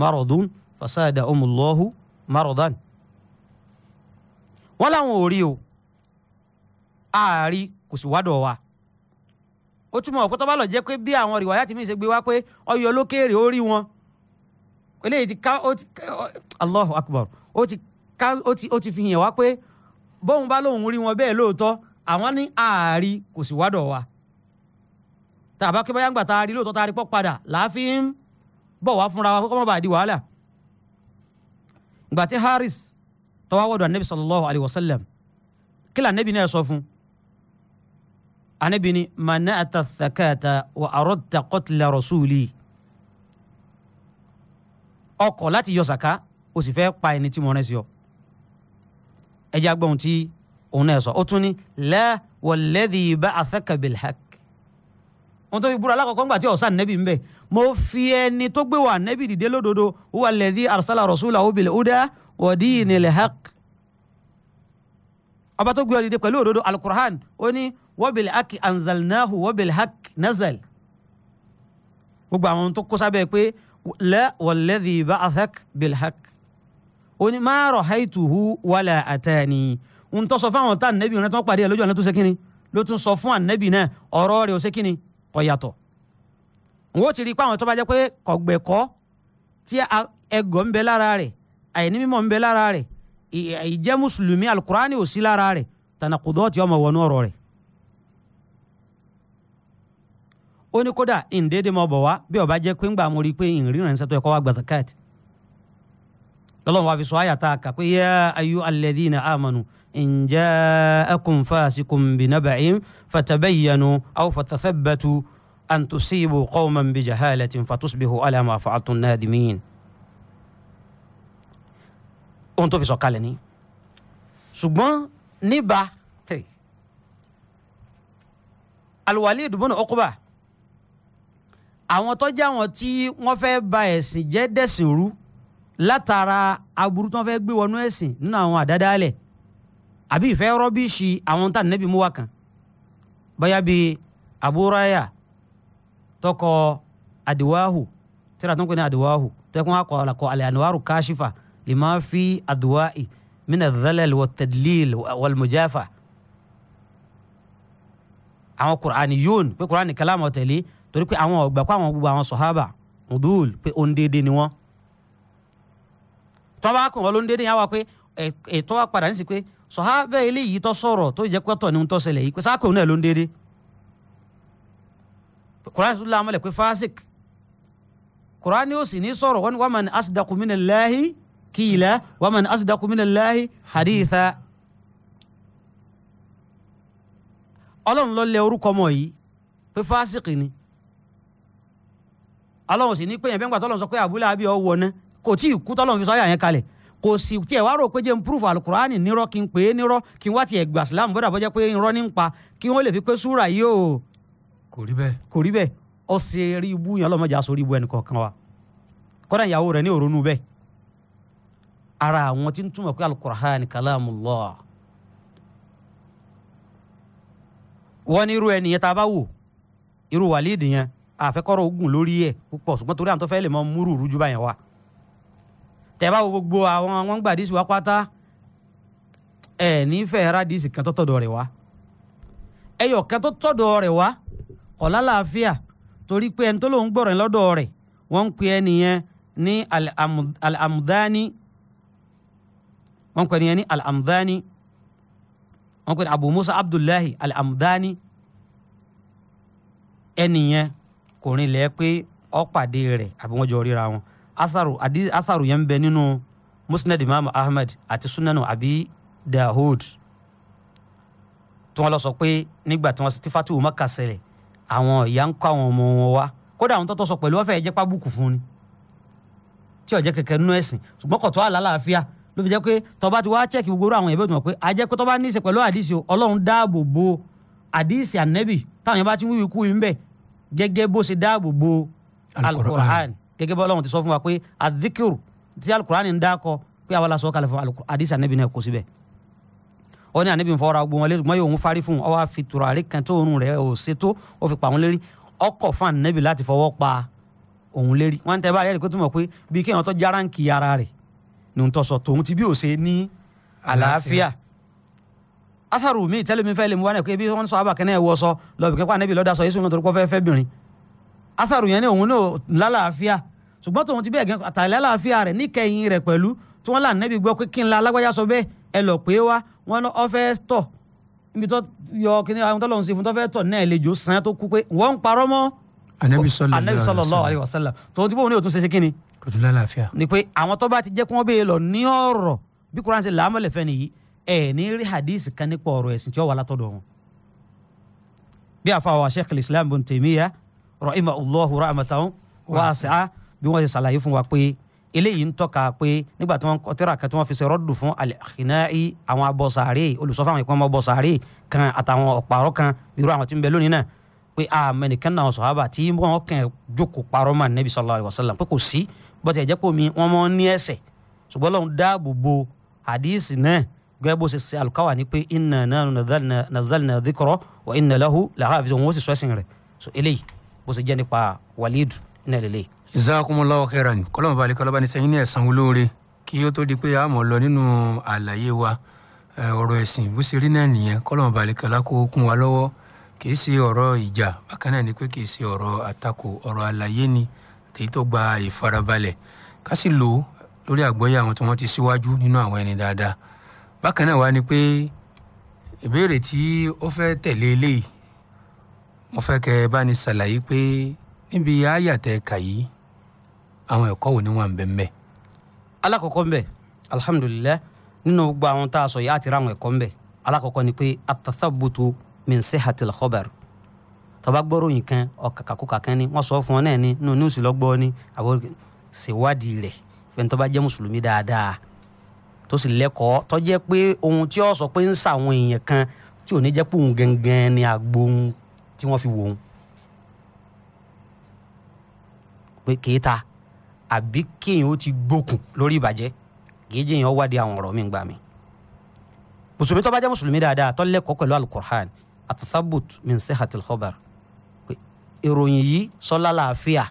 maradun fasada omulọ́hu maradan wọ́n láwọn ò rí o ààrí kò sì wádọ̀ wa ó túmọ̀ ọ̀pọ̀ tó bá lọ jẹ́ pé bí àwọn rìwáyà tí mi ṣe gbé wá pé ọyọ lókèrè ó rí wọn eléyìí ti ká ó ti Allahu akbar ó ti ká ó ti ó ti fi hàn wá pé bóun bá lóun rí wọn bẹ́ẹ̀ lóòótọ́ àwọn ní ààrí kò sì wádọ̀ wa tàbá kí báyà ń gbà tá a rí lóòótọ́ tá a rí pọ́ padà láàfin bọ̀ wá fúnra wa kọ́mọ́ bá di wàhálà. ìgbà tí Haris tọ́wá wọ̀dọ̀ anabi sallallahu alayhi wa sallam kí la anabi náà sọ fún anabi ni mana ata thakata wa arọ́ta qatla rasuli ọkọ̀ láti yọ sàká o sì fẹ́ pa ẹni tí mo rẹ́ sí ọ ẹjẹ agbóhun tí òun náà sọ ó tún ní la walladhi ba'athaka bilhaq wọn tó fi búra alákọ̀ọ́kọ́ ńgbà tí ọ̀sán nẹ́bì ń bẹ̀ mo fi ẹni tó gbé wà nẹ́bì dìde lódodo wà lẹ́dí arsala rasulahu bil huda wa dinil haq. ọba tó gbé ọ dìde pẹ̀lú òdodo alukur'an ó ní wa bil haqi anzalnahu wa bil haqi nazal. gbogbo àwọn tó kó sábẹ́ pé la walladhi ba'athak bil haq. ó ní ma rahaytuhu wala atani. ń tọ́ sọ fún ànẹ́bì náà kò yàtọ̀ n ó ti rí i pé àwọn tó bá jẹ́ pé kọ̀gbẹ̀kọ́ tí ẹgọ̀ ń bẹ lára rẹ̀ àìní mímọ̀ ń bẹ lára rẹ̀ ìjẹ́ mùsùlùmí alukurani ò sí lára rẹ̀ tànàkùdọ́ tí ọmọ wọnú ọ̀rọ̀ rẹ̀. ó ní kódà ìǹdéédé bọ̀ wá bí ó jẹ́ pé ńgbà mo rí i pé ìrìnrìn ṣètò ẹ̀kọ́ wa gbàtàkàtì lọ́lọ́run wá fi sọ àyà tá a kà pé yá ayú alladhina amanu in ja'akum fasiqun binaba'in fatabayyanu aw fatathabbatu an tusibu qawman bijahalatin fatusbihu ala ma fa'altum nadimin. ohun tó fi sọ kalẹ̀ ni ṣùgbọ́n níbà Al-Walid ibn àwọn tó jẹ́ tí wọ́n fẹ́ ba ẹ̀sìn jẹ́ dẹ̀sìn rú látara aburú tó ń fẹ́ gbé wọnú ẹ̀sìn nínú àwọn àdádálẹ̀ àbí ìfẹ́ rọ́bìṣì àwọn tá nẹ́bí mú wá kan bóyá bíi àbúráyà tọkọ àdìwáhù tíra tó ń pè ní àdìwáhù tẹkun akọ àlàkọ àlẹ àníwárù káṣífà lè fi àdìwáì mina dhalal wa tadlil wal mujafa àwọn kùránì yóòn pé kùránì kàlámù ọ̀tẹ̀lé torí pé àwọn ọ̀gbà pé àwọn gbogbo àwọn sọ̀hábà ọ̀dùl pé ó ń déédéé ni wọ́n tọ́ bá kàn wọ́n ló ń dédé yẹn wá pé ètò wa padà nísì pé sọ̀hábẹ́ eléyìí tó sọ̀rọ̀ tó jẹ́ pẹ́tọ̀ ní tó ṣẹlẹ̀ yìí pé sáà pé òun náà ló ń dédé kùránì sùn láàmúlẹ̀ pé fásik kùránì ó sì ní sọ̀rọ̀ wọn wàmàn asdaqu minallahi kíìlá wàmàn asdaqu minallahi haditha ní pé yẹn bẹ́ẹ̀ kò tí ì kú tọ́lọ́run fi sọ àyà yẹn kalẹ̀ kò sì tiẹ̀ wá rò pé jẹ́ n proof alukurani nírọ́ kí n pè é nírọ́ kí n wá tiẹ̀ gbà sílámù bọ́dà bọ́jẹ́ pé irọ́ ní ń pa kí wọ́n lè fi pé súrà yìí o. kò rí bẹ́ẹ̀. kò rí bẹ́ẹ̀ ọ̀sẹ̀ rí ibú yẹn ọlọ́mọdé aṣọ rí ibú ẹnì kọ̀ọ̀kan wa kọ́dà ìyàwó rẹ̀ ní òrónú bẹ́ẹ̀ ara àwọn tí ń túmọ̀ pé alukurani kalamullah wọ́n ní irú ẹnìyẹn tá a bá wò irú wàlídìí yẹn àfẹ́kọ́rọ̀ ogun lórí ẹ̀ púpọ̀ ṣùgbọ́n torí àwọn tó fẹ́ lè mọ múrùrú ju báyẹn wà tẹ́bá wo gbogbo àwọn wọn gbà dísì wá pátá ẹ̀ nífẹ̀ẹ́ ra dísì kan tọ́tọ̀dọ̀ rẹ̀ wá ẹyọ kan tọ́tọ̀dọ̀ rẹ̀ wá kọ̀ lálàáfíà torí pé ẹni tó lòún gbọ̀rọ̀ lọ́dọ̀ rẹ̀ wọ́n ń pe ẹni yẹn ní al-amdani wọ́n ń pe ẹni yẹn ní al-amdani wọ́n ń pe abu musa abdullahi al-amdani ẹni yẹn kò rìn lẹ́ pé ó pàdé rẹ̀ àbí wọ́n jọ ríra wọn asaru adi asaru yẹn bẹ nínú musnad imam ahmed ati sunanu abi dahud tí wọn lọ sọ pé nígbà tí wọn ti fati wò má kàṣẹlẹ àwọn ìyá ń kọ àwọn ọmọ wọn wá kódà àwọn tọ́tọ́ sọ pẹ̀lú ọ̀fẹ́ ẹ̀jẹ̀ pábùkù fún ni tí ọ̀jẹ̀ kẹ̀kẹ́ nínú ẹ̀sìn ṣùgbọ́n kọ̀tọ́ àlàáfíà ló fi jẹ́ pé tọba ti wá chẹ́ẹ̀kì gbogbo àwọn ìbéèrè tó mọ̀ pé ajẹ́ pé tọba ní í pẹ̀lú àdìsí ọlọ́run dáàbò bo àdìsí ànẹ́bì táwọn yẹn bá ti wíwí kú yín bẹ́ẹ̀ gẹ́gẹ́ bó ṣe dáàbò bo alukoraani gẹ́gẹ́ bí Ọlọ́run ti sọ fún wa pé adhikiru tí alukurani ń dákọ pé àwa la sọ kalẹ̀ fún hadisi anabi náà kò síbẹ̀ ó ní anabi fọwọ́ra gbogbo wọn létí mọ́ yóò ń fárí fún ọ wá fi tùràrí kan tó òórùn rẹ̀ ò ṣe tó ó fi pa wọn lérí ọkọ̀ fún anabi láti fọwọ́ pa òun lérí wọn tẹ báyìí kó tó mọ̀ pé bí kéèyàn tó jára ń kí ara rẹ̀ ní òun tó sọ tòun ti bí ò ṣe ní àlàáfíà atharu mi tẹlifífẹ́ náà pé bí wọ́n sọ abàkẹ́nẹ́ wọ sọ lọ́ọ̀bì kẹ́kọ́ anabi lọ́dà sọ yéṣu náà torí pé bìnrin asaru yẹn ní òun náà lálàáfíà ṣùgbọ́n tòun ti bẹ́ẹ̀ gẹ́ àtàlẹ́ àlàáfíà rẹ̀ níkẹyìn rẹ̀ pẹ̀lú tí wọ́n là nẹ́bi gbọ́ pé kí n la alágbájá sọ bẹ́ẹ̀ ẹ lọ pé wá wọn lọ ọfẹ́ tọ̀ níbi tó yọ kíní àwọn tọ́lọ́run sí fún tọ́fẹ́ tọ̀ náà lejò sàn tó kú pé wọ́n ń parọ́ mọ́ anabi sallallahu alaihi wasallam tòun ti bóun ní òtún ṣe ṣe kíni. kò tún lálàáfíà. ni lọ ní hadith kan nípa ọ̀rọ̀ ẹ̀sìn tí ó wà látọ̀dọ̀ wọn. bí àfa wa sheikh islam bin tèmíyà rahimahullahu rahmatan wasi'a bí wọ́n ṣe ṣàlàyé fún wa pé eléyìí ń tọ́ka pé nígbà tí wọ́n kọ tírà kan tí wọ́n fi ṣe rọ́dù fún al-Khinai àwọn abọ́sàárè olùsọ́fà àwọn ìpínlẹ̀ abọ́sàárè kan àtàwọn ọ̀pàrọ̀ kan irú àwọn tí ń bẹ lónìí náà pé amẹnìkan náà sọ̀hábà tí wọ́n kàn jókòó parọ́ mọ́ Nabi sallallahu alaihi wasallam pé kò sí bọ́tẹ̀ ẹ̀jẹ̀ kò mi wọ́n mọ́ ní ẹ̀ṣẹ̀ ṣùgbọ́n lọ́hùn bó ṣe jẹ́ nípa waleed náà lélẹ̀. jazakumullahu khairan kọ́lọ́mù balẹ̀ kọ́lọ́ba ní sẹ́yìn ní ẹ̀sán olóore kí ó tó di pé a mọ̀ lọ nínú àlàyé wa ọ̀rọ̀ ẹ̀sìn bó ṣe rí náà nìyẹn kọ́lọ́mù balẹ̀ kọ́lá kó kún wa lọ́wọ́ kì í ṣe ọ̀rọ̀ ìjà bákan náà ni pé kì í ṣe ọ̀rọ̀ àtakò ọ̀rọ̀ àlàyé ni èyí tó gba ìfarabalẹ̀ ká sì lò ó lórí àgbọ́yé àwọn tí wọ́n ti síwájú nínú àwọn ẹni dáadáa bákan náà wá ni pé ìbéèrè tí ó fẹ́ tẹ̀lé eléyìí mo fẹ́ kẹ́ ẹ bá ní ṣàlàyé pé níbi àyà tẹ kà yìí àwọn ẹ̀kọ́ wo ni wọ́n à ń bẹ mbẹ́. alákọ̀ọ́kọ́ mbẹ́ alhamdulilayi nínú gbogbo àwọn tá a sọ yìí àti ráwọn ẹ̀kọ́ mbẹ́ alákọ̀ọ́kọ́ ni pe atathabutu min sihatil khabar tó bá gbọ́rọ̀ yìí kan ọ̀kàkàkùkà kan ni wọ́n sọ fún ọ náà ni nínú níwùsì lọ́gbọ́ ni àbọ̀ ṣèwádìí rẹ̀ fẹ́ni tó bá jẹ́ mùsùlùmí dáadáa tó sì lẹ́kọ̀ọ́ tó pé ohun tí ó sọ pé ń sàwọn èèyàn kan tí ò ní jẹ́ pé òun gangan ni àgbo tí wọ́n fi wò ó pé kìí ta àbí kéèyàn ó ti gbókùn lórí ìbàjẹ́ kìí jẹ́ èèyàn wádìí àwọn ọ̀rọ̀ mi gbà mí. mùsùlùmí tó bá jẹ́ mùsùlùmí dáadáa tó pẹ̀lú alukur'an atathabut min sihatil khobar pé ìròyìn yìí sọ́lá làáfíà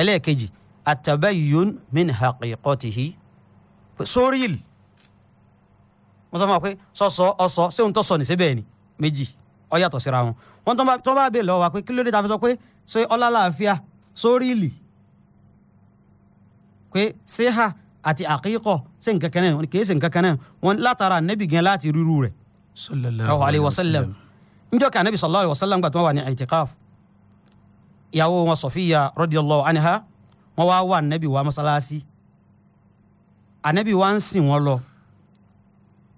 ẹlẹ́ẹ̀kejì atabayyun min haqiqatihi pé sóríl mo sọ fún wa pé sọ́sọ́ ọ̀sọ́ ṣé òun tó sọ ní síbẹ̀ ni méjì ó yàtọ̀ síra wọn wọn tó bá bèè lọ́wọ́ wa pé kí ló dé ta fi sọ pé ṣe ọlá làáfíà sórí ìlì pé ṣéhà àti àkíkọ̀ ṣe nǹkan kan náà kìí ṣe nǹkan kan náà wọn látara nẹ́bì gan láti rírú rẹ̀. sallallahu alayhi wa sallam njọ́ kan nẹ́bì sallallahu alayhi wa sallam gbà wà ní àìtíkáf ìyàwó wọn sọfíya radiyallahu anha wọn wá wà nẹ́bì wa mọ́sálásí ànẹ́bì wa ń sìn wọn lọ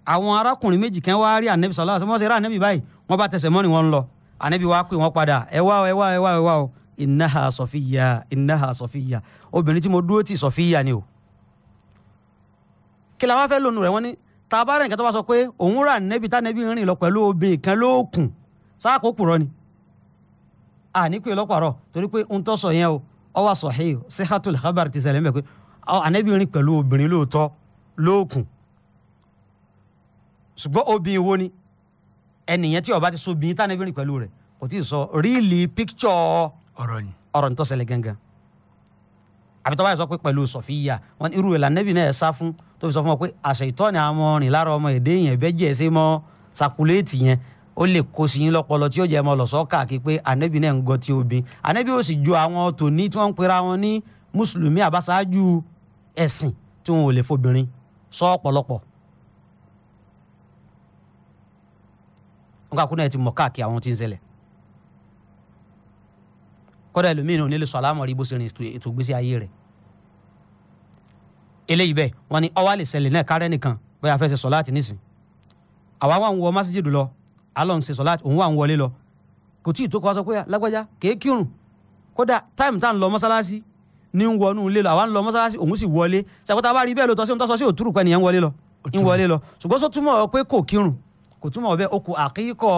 àwọn arákùnrin méjì kan wá rí ànẹ́bí sọlá àti mọ́sẹ̀ rà ànẹ́bí báyìí wọ́n bá tẹsẹ̀ mọ́ni wọn lọ ànẹ́bí wá pè wọ́n padà ẹ wá o ẹ wá ẹ wá ẹ wá o ìnáhà sọfíyà ìnáhà sọfíyà obìnrin tí mo dúró tì sọfíyà ni o. kí la wá fẹ́ lónìí rẹ̀ wọ́n ní tabarẹ̀ nǹkan tó bá sọ pé òun rà ànẹ́bí tànẹ́bí rìn lọ pẹ̀lú obìnrin kan lóòkùn sáàkó kùrọ̀ ni. àní pé lọ́pàárọ̀ torí pé ń tọ́ sọ yẹn o ọwọ́ sọ̀hí sihatul khabar ti ṣẹlẹ̀ mẹ́ pé ànẹ́bí rìn pẹ̀lú obìnrin lóòótọ́ lóòkùn ṣùgbọ́n obìnrin wo ni ẹnìyẹn tí ó bá ti so obìnrin tá níbìrin pẹ̀lú rẹ̀ kò tí ì sọ ríìlì píkítsọ̀ ọ̀rọ̀ ni ọ̀rọ̀ ní tó ṣẹlẹ̀ gangan àfi tó bá yẹ sọ pé pẹ̀lú sọ̀fíyà wọn irú ẹ̀ lànàbì náà ẹ̀ sá fún tó fi sọ fún wọn pé àṣẹ ìtọ́ ni àwọn ọmọ rìn lára ọmọ èdè yẹn bẹ́ẹ̀ jẹ́ ẹsẹ̀ mọ́ sakuléètì yẹn ó lè kó sí yín lọ́pọlọ tí ó jẹ́ mọ́ lọ́sọ́ káàkiri pé ànàbì náà ń gọ ti obìn ànàbì ó sì ju àwọn tòní tí wọ́n ń pera wọn ní mùsùlùmí àbáṣáájú ẹ̀sìn tí wọn ò lè fobìnrin sọ ọ̀pọ̀lọpọ̀ nǹkan àkúnà ẹ ti mọ̀ káàkiri àwọn tí ń ṣẹlẹ̀ kọ́dà ẹlòmíín náà ò ní lè sọ aláàmọ̀ rí bó ṣe rìn ètò ìgbésí ayé rẹ̀ eléyìí bẹ́ẹ̀ wọ́n ní ọwá lè ṣẹlẹ̀ náà kárẹ́ nìkan bóyá fẹ́ ṣe sọ láti nísìn àwa wà ń wọ masjidu lọ alọ́ ń ṣe sọ láti òun wà ń wọlé lọ kò tí ì tó kọ́ sọ pé lágbájá kèé kírun kódà táìmù tá à lọ mọ́sálásí ní ń wọnú ilé lọ àwa ń lọ mọ́sálásí òun sì wọlé ṣàkóso àbá rí bẹ́ẹ̀ lóòótọ́ sí òun tó òtúrù pẹ́ nìyẹn ń wọlé lọ ń wọlé lọ ṣùgbọ́n sọ túmọ̀ pé kò kírun kò túmọ̀ bẹ́ẹ̀ o kò àkíkọ́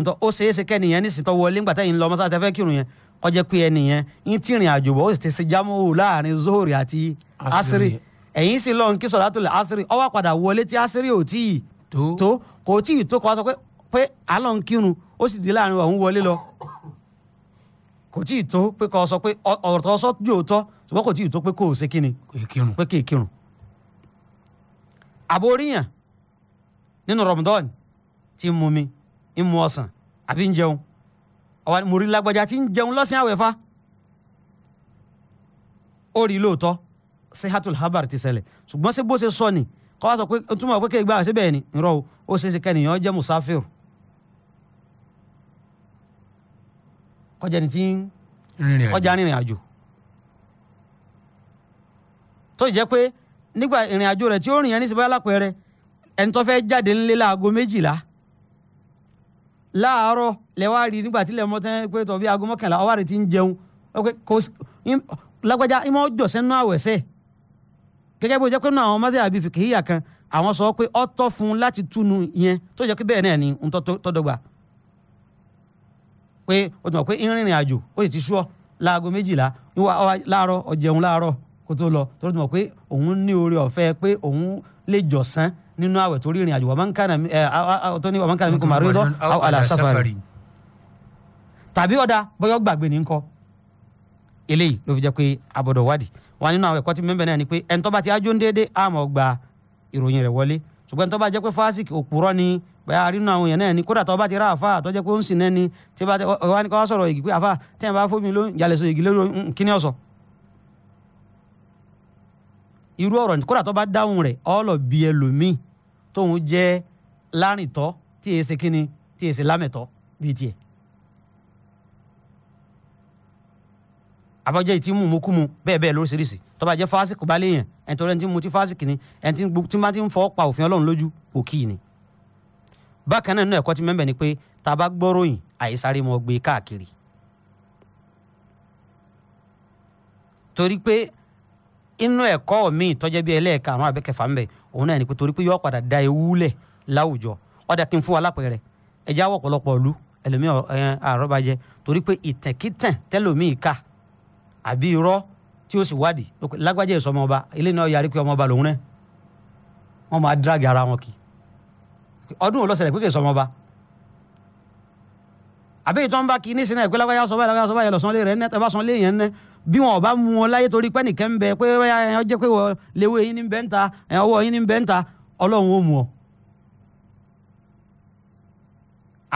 ntọ́ ó ṣeé ṣe kẹ́niyẹn nísìtọ́ wọlé ńgbà tẹ́yìn lọ mọ́sáàtì fẹ́ kírun yẹn ọjẹ́ pé ẹnìyẹn ń tìrìn àjò bọ̀ ó sì ti ṣe jámọ́ láàrin zohori àti asiri ẹ̀yìn sì lọ́n kí sọ̀rọ̀ asiri wọlé tí asiri ò tí ì tó kò tí ì tó kọ́ sọ pé wọlé lọ kò tí ì tó pé kọ́ sọ pé ọ̀rọ̀ ṣùgbọ́n kò tí ì nínú Ramadan tí ń mu mi ń mu ọsàn àbí ń jẹun àwa mo rí lágbájá tí ń jẹun lọ́sìn àwẹ̀fà ó rí lóòótọ́ sehatul habar ti ṣẹlẹ̀ ṣùgbọ́n ṣé bó ṣe sọ ni kọ́ wa sọ pé ó túmọ̀ pé kéèké gbà síbẹ̀ ni irọ́ o ó ṣeé ṣe kẹ́nìyàn jẹ́ musafir kọjá ni tí ń kọjá rìnrìn àjò tó jẹ́ pé nígbà ìrìn àjò rẹ̀ tí ó rìn yẹn ní sibẹ́ alápẹ̀rẹ̀ ẹni tó fẹ́ jáde ńlé láago méjìlá láàárọ̀ lẹ́wà rí nígbà tí lẹ́mọ́ tán pé tọ́ bí aago mọ́kànlá ọwọ́ rẹ̀ ti ń jẹun lágbájá ìmọ̀ jọ̀sẹ̀ nú àwẹ̀sẹ̀ gẹ́gẹ́ bó jẹ́ pé nínú àwọn ọmọdé àbí fìkìyà kan àwọn sọ pé ọtọ́ fún un láti túnu yẹn tó jẹ́ pé bẹ́ẹ̀ náà ni ń tọ́dọ̀gba pé o ti mọ̀ pé ìrìnrìn àjò ó sì ti sú ọ láago méjìlá láàárọ̀ ọ̀jẹun láàárọ̀ kó tó lọ tó ti mọ̀ pé òun ní oore ọ̀fẹ́ pé òun lè jọ̀sán nínú àwẹ̀ torí ìrìn àjò tó ní wàmán kànà mi kò máa rí lọ àlà sáfàrì tàbí ọ̀dà bóyá gbàgbé ní kọ́ eléyìí ló fi jẹ́ pé abọ́dọ̀ wádìí wà nínú àwẹ̀ kọ́tí mẹ́mbẹ̀ náà ni pé ẹni tó bá ti ájó ń déédéé àmọ́ gba ìròyìn rẹ̀ wọlé ṣùgbọ́n tó bá jẹ́ pé fásitì òpùrọ́ ni bẹ́ẹ̀ arínú àwọn èèyàn náà ni kódà tó bá ti rà àfà tó jẹ́ pé ó ń sìn náà ni tí bá wà ní káwá sọ̀rọ̀ ìgì pé àfà tí wọ́n bá fómi ló ń jalè so ìgì lórí hmm, kíní ọ̀sọ̀. kódà tó dáhùn rẹ̀ ọ̀ọ́lọ̀ bíi ẹlòmíì tóun jẹ́ lárìntọ́ tí èyí ṣe kínni tí èyí ṣe lámẹ̀tọ́ bíi tiẹ̀. abọ́jẹ́ ìtí mú mukumu bẹ́ẹ̀ bẹ́ẹ̀ lóríṣiríṣi tó bá jẹ́ fásitì bá léèyàn ẹni tó rẹ̀ ti mú ti fásitì ni ẹni tí bá ti ń fọ́ pa òfin ọlọ́run lójú kò kí ni. bákan náà nínú ẹ̀kọ́ ti mẹ́mbẹ̀ ni pé tá a bá gbọ́ròyìn àyísáré mọ́ gbé káàkiri. torí pé inú ẹ̀kọ́ míì tọ́jẹ́ bí ẹlẹ́ẹ̀karùn-ún àbẹ́kẹfà ń bẹ̀ òun náà ni pé torí pé yọ padà da ewu lẹ̀ láwùjọ ọ̀dà kí n fún wa lápẹ̀rẹ̀ ẹja wọ̀ pọ̀lọpọ̀ lu ẹlòmíì àrọ́bàjẹ́ torí pé ìtẹ̀kítàn tẹ́lòmíì ká àbí irọ́ tí ó sì wádìí lágbájá ìsọmọ ọba ilé náà yarí pé ọmọ ọba lòun náà wọ́n máa díràgì ara wọn kì ọdún olóṣèlè pé kì í àbí ìtọ́ ń bá ní sinai pé lágbájá sọ báyìí lágbájá sọ báyìí lọ bí wọn ò bá mú wọn láyé torí pé nìkan ń bẹ pé ọ jẹ́ pé wọ́n léwé yín ní bẹ́ńta ọwọ́ yín ní bẹ́ńta ọlọ́run ó mú ọ.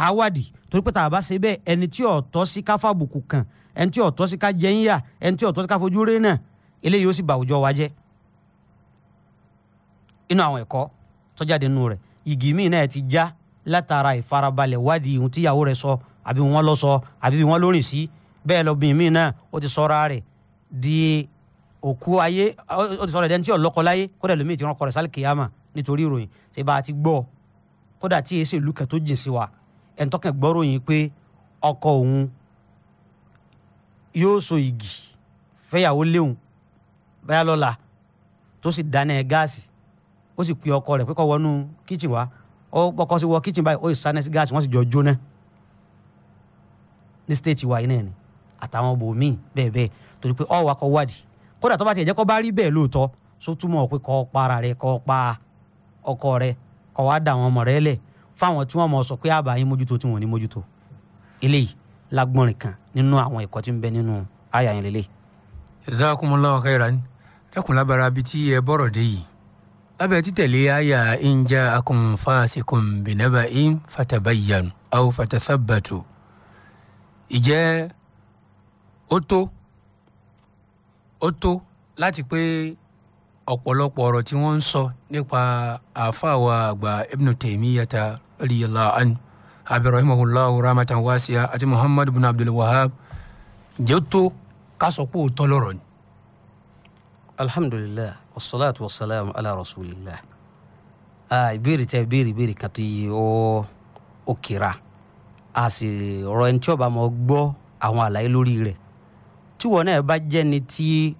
àwádìí torí pé tá a bá ṣe bẹ́ẹ̀ ẹni tí ọ̀tọ́ sí ká fàbùkù kàn ẹni tí ọ̀tọ́ sí ká jẹyìn yà ẹni tí ọ̀tọ́ sí ká fojú rẹ́ náà eléyìí ó sì bà àwùjọ wa jẹ́. inú àwọn ẹ̀kọ́ tó jáde rẹ̀ igi míì náà ti já látara ìfarabalẹ̀ wádìí ohun tíyàwó rẹ̀ sọ àbí wọn lọ sọ àbí wọn lórìn sí bẹ́ẹ̀ lọ́bìn mí náà ó ti sọ́ra rẹ̀ di òkú ayé ó ti sọ́ra rẹ̀ dẹ́ni tí ọlọ́kọ láyé kódà lómi ti rán kọrẹ̀ sálì kìyàmà nítorí ìròyìn ṣe bá a ti gbọ́ kódà tí èsì ìlú kan tó jìn sí wa ẹni tọ́kàn gbọ́ ròyìn pé ọkọ òun yóò so igi fẹ́yàwó léwu báyà lọ́la tó sì dáná ẹ gáàsì ó sì pe ọkọ rẹ̀ pé kó wọnú kíchìn wá ọkọ sì wọ kíchìn báyìí ó sì sáná sí gáàsì wọ́n sì jọ jóná ní stéètì wa yìí náà ni àtàwọn bòmíì bẹ́ẹ̀ bẹ́ẹ̀ torí pé ọ̀ wá kọ́ wádìí kódà tó bá tiẹ̀ jẹ́ kó bá rí bẹ́ẹ̀ lóòótọ́ só túmọ̀ pé kọ́ pa ara rẹ kọ́ pa ọkọ rẹ kọ́ wá dà wọn ọmọ rẹ lẹ̀ fáwọn tí wọ́n mọ̀ sọ pé àbá yín mójútó tí wọ́n ní mójútó eléyìí lágbọ́nrin kan nínú àwọn ẹ̀kọ́ tí ń bẹ nínú àyà yẹn lélẹ̀. jazakumullahu khairan dákun lábára bíi tí ẹ bọ̀rọ̀ dé yìí lábẹ́ títẹ̀lé àyà in ja'akum fasiqun binaba'in fatabayyanu aw ìjẹ́ ó tó ó tó láti pé ọ̀pọ̀lọpọ̀ ọ̀rọ̀ tí wọ́n ń sọ nípa àfàwà àgbà ibn taymiyata radiyallahu anhu abirahimahullahu rahmatan wasiya àti muhammadu bin abdul wahab ǹjẹ́ ó tó ká sọ pé òótọ́ lọ́rọ̀ ni. alhamdulilayi wasalaatu wasalaamu ala rasulillah aa ìbéèrè tẹ ìbéèrè ìbéèrè kan tó yẹ ọ ó kira a sì rọ ẹni tí ó bá mọ gbọ́ àwọn àlàyé lórí rẹ̀ tí wọn náà bá jẹ́ ni tí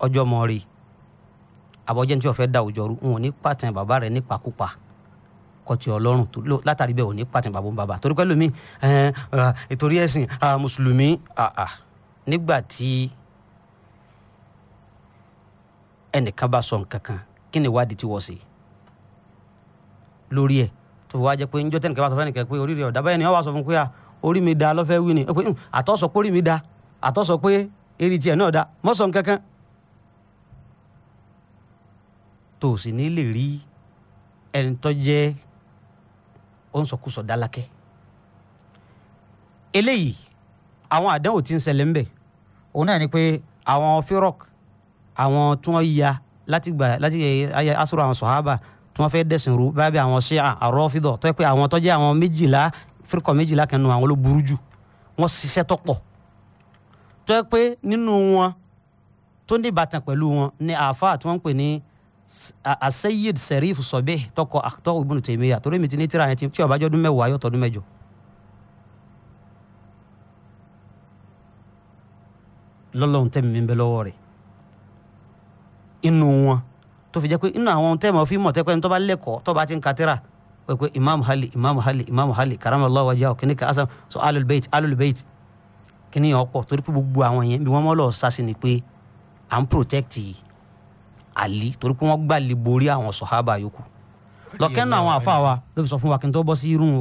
ọjọ́ mọ́ rí àbọ̀jẹ́ ni tí wọ́n fẹ́ da òjò rú wọn ò ní pàtàn bàbá rẹ̀ nípakúpa kọtì ọlọ́run látàrí bẹ́ẹ̀ ò ní pàtàn bàbá bàbá torí pẹ́lú mi ìtorí ẹ̀sìn mùsùlùmí nígbà tí ẹnìkan bá sọ nǹkan kí ni ìwádìí tí wọ́n ṣe lórí ẹ̀ tó wá jẹ́ pé ń jọ́ tẹ́nìkan bá sọ fẹ́nìkan pé orí rẹ̀ ọ̀dà ni wọ́n wá sọ fún pé orí mi da lọ́fẹ́ wí ni àtọ́sọ pé orí mi da àtọ́ sọ pé eré tiẹ̀ náà da mọ́sán kankan tó sì ní lè rí ẹni tó jẹ́ òǹsọkúsọ dálákẹ́ eléyìí àwọn àdánwò tí ń ṣẹlẹ̀ ń bẹ̀ òun náà ni pé àwọn firok àwọn tí wọ́n ya láti gbà láti eh, ayé asúrò àwọn sọ̀hábà tí wọ́n fẹ́ dẹ̀sìn rú báyà bí àwọn ṣíà àrọ́fídọ̀ tó yẹ pé àwọn tó jẹ́ àwọn méjìlá firikọ̀ méjìlá kan nù àwọn ló burú jù wọ́n ṣiṣẹ́ tó tó yẹ pé nínú wọn tó ní ìbátan pẹ̀lú wọn ni àáfàá tí wọ́n ń pè ní aseyid serif sọbẹ tọkọ àtọ Ibn Taymiyyah torí mi ti ní tíra yẹn tí ó bá jọdún mẹ́wàá yóò tọdún mẹ́jọ. lọ́lọ́run tẹ̀mí mi ń bẹ lọ́wọ́ rẹ̀ inú wọn tó fi jẹ́ pé inú àwọn tẹ̀mọ̀ fi mọ̀ tẹ́pẹ́ ní tọ́ba lẹ́kọ̀ọ́ tọ́ba ti ń ka tíra pé imam hali imam hali imam hali karamallahu wajhahu kìnnìkan asan so alul bayt alul bayt kíní ọ̀pọ̀ torí pé gbogbo àwọn yẹn bí wọ́n mọ́ lọ sá sí ni pé à ń protect àlí torí pé wọ́n gbà lè borí àwọn sọ̀hábà yòókù lọ́kẹ́nu àwọn àfa wa ló fi sọ fún wa kí n tó bọ́ sí irun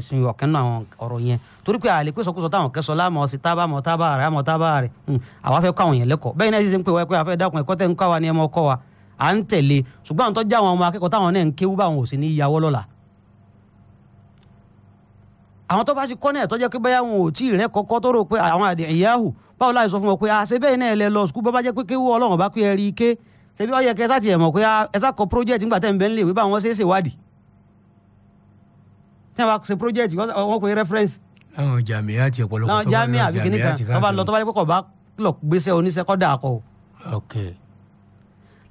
ìsìn ọ̀kẹ́nu àwọn ọ̀rọ̀ yẹn torí pé àlè pé sọkúsọ táwọn kẹsọ láàmú ọsì tábà mọ tábà rẹ àmọ tábà rẹ hmm, àwa fẹ́ kọ́ àwọn yẹn lẹ́kọ̀ọ́ bẹ́ẹ̀ náà ṣe ń pè wá pé àfẹ́ dákun ẹ̀kọ́ tẹ́ ń kọ́ wa ni ẹ mọ́ kọ́ wa à ń tẹ̀lé ṣùgbọ́n àwọn tó já àwọn ọmọ akẹ́kọ̀ọ́ táwọn náà ń kéwú báwọn ò sí ní yàwọ́ lọ́la àwọn tó bá sì kọ́ náà tó jẹ́ pé báyà wọn ò tí ì rẹ́ kọ́kọ́ tó rò pé àwọn àdìyàhù báwo láì sọ fún wọn pé àṣẹ ah, bẹ́ẹ̀ náà lẹ lọ sùkúl bá bá jẹ́ pé kéwú ọlọ́run bá pé ẹ rí i ké ṣebí ó yẹ kẹ́ ẹ sáà ẹ̀ mọ̀ pé ah, ẹ sá kọ project ńgbà tẹ̀ ń bẹ́ ń lè wí bá ṣe é ṣèwádìí tí wọn bá ṣe project wọn kò reference. láwọn jàmíà ti ọ̀pọ̀lọpọ̀ tó bá lọ jàmíà àbí kìnìkan tó bá lọ tó bá yẹ pé kò bá lọ gbéṣẹ́ oníṣẹ́ kọ́ dà kọ́ o. ok.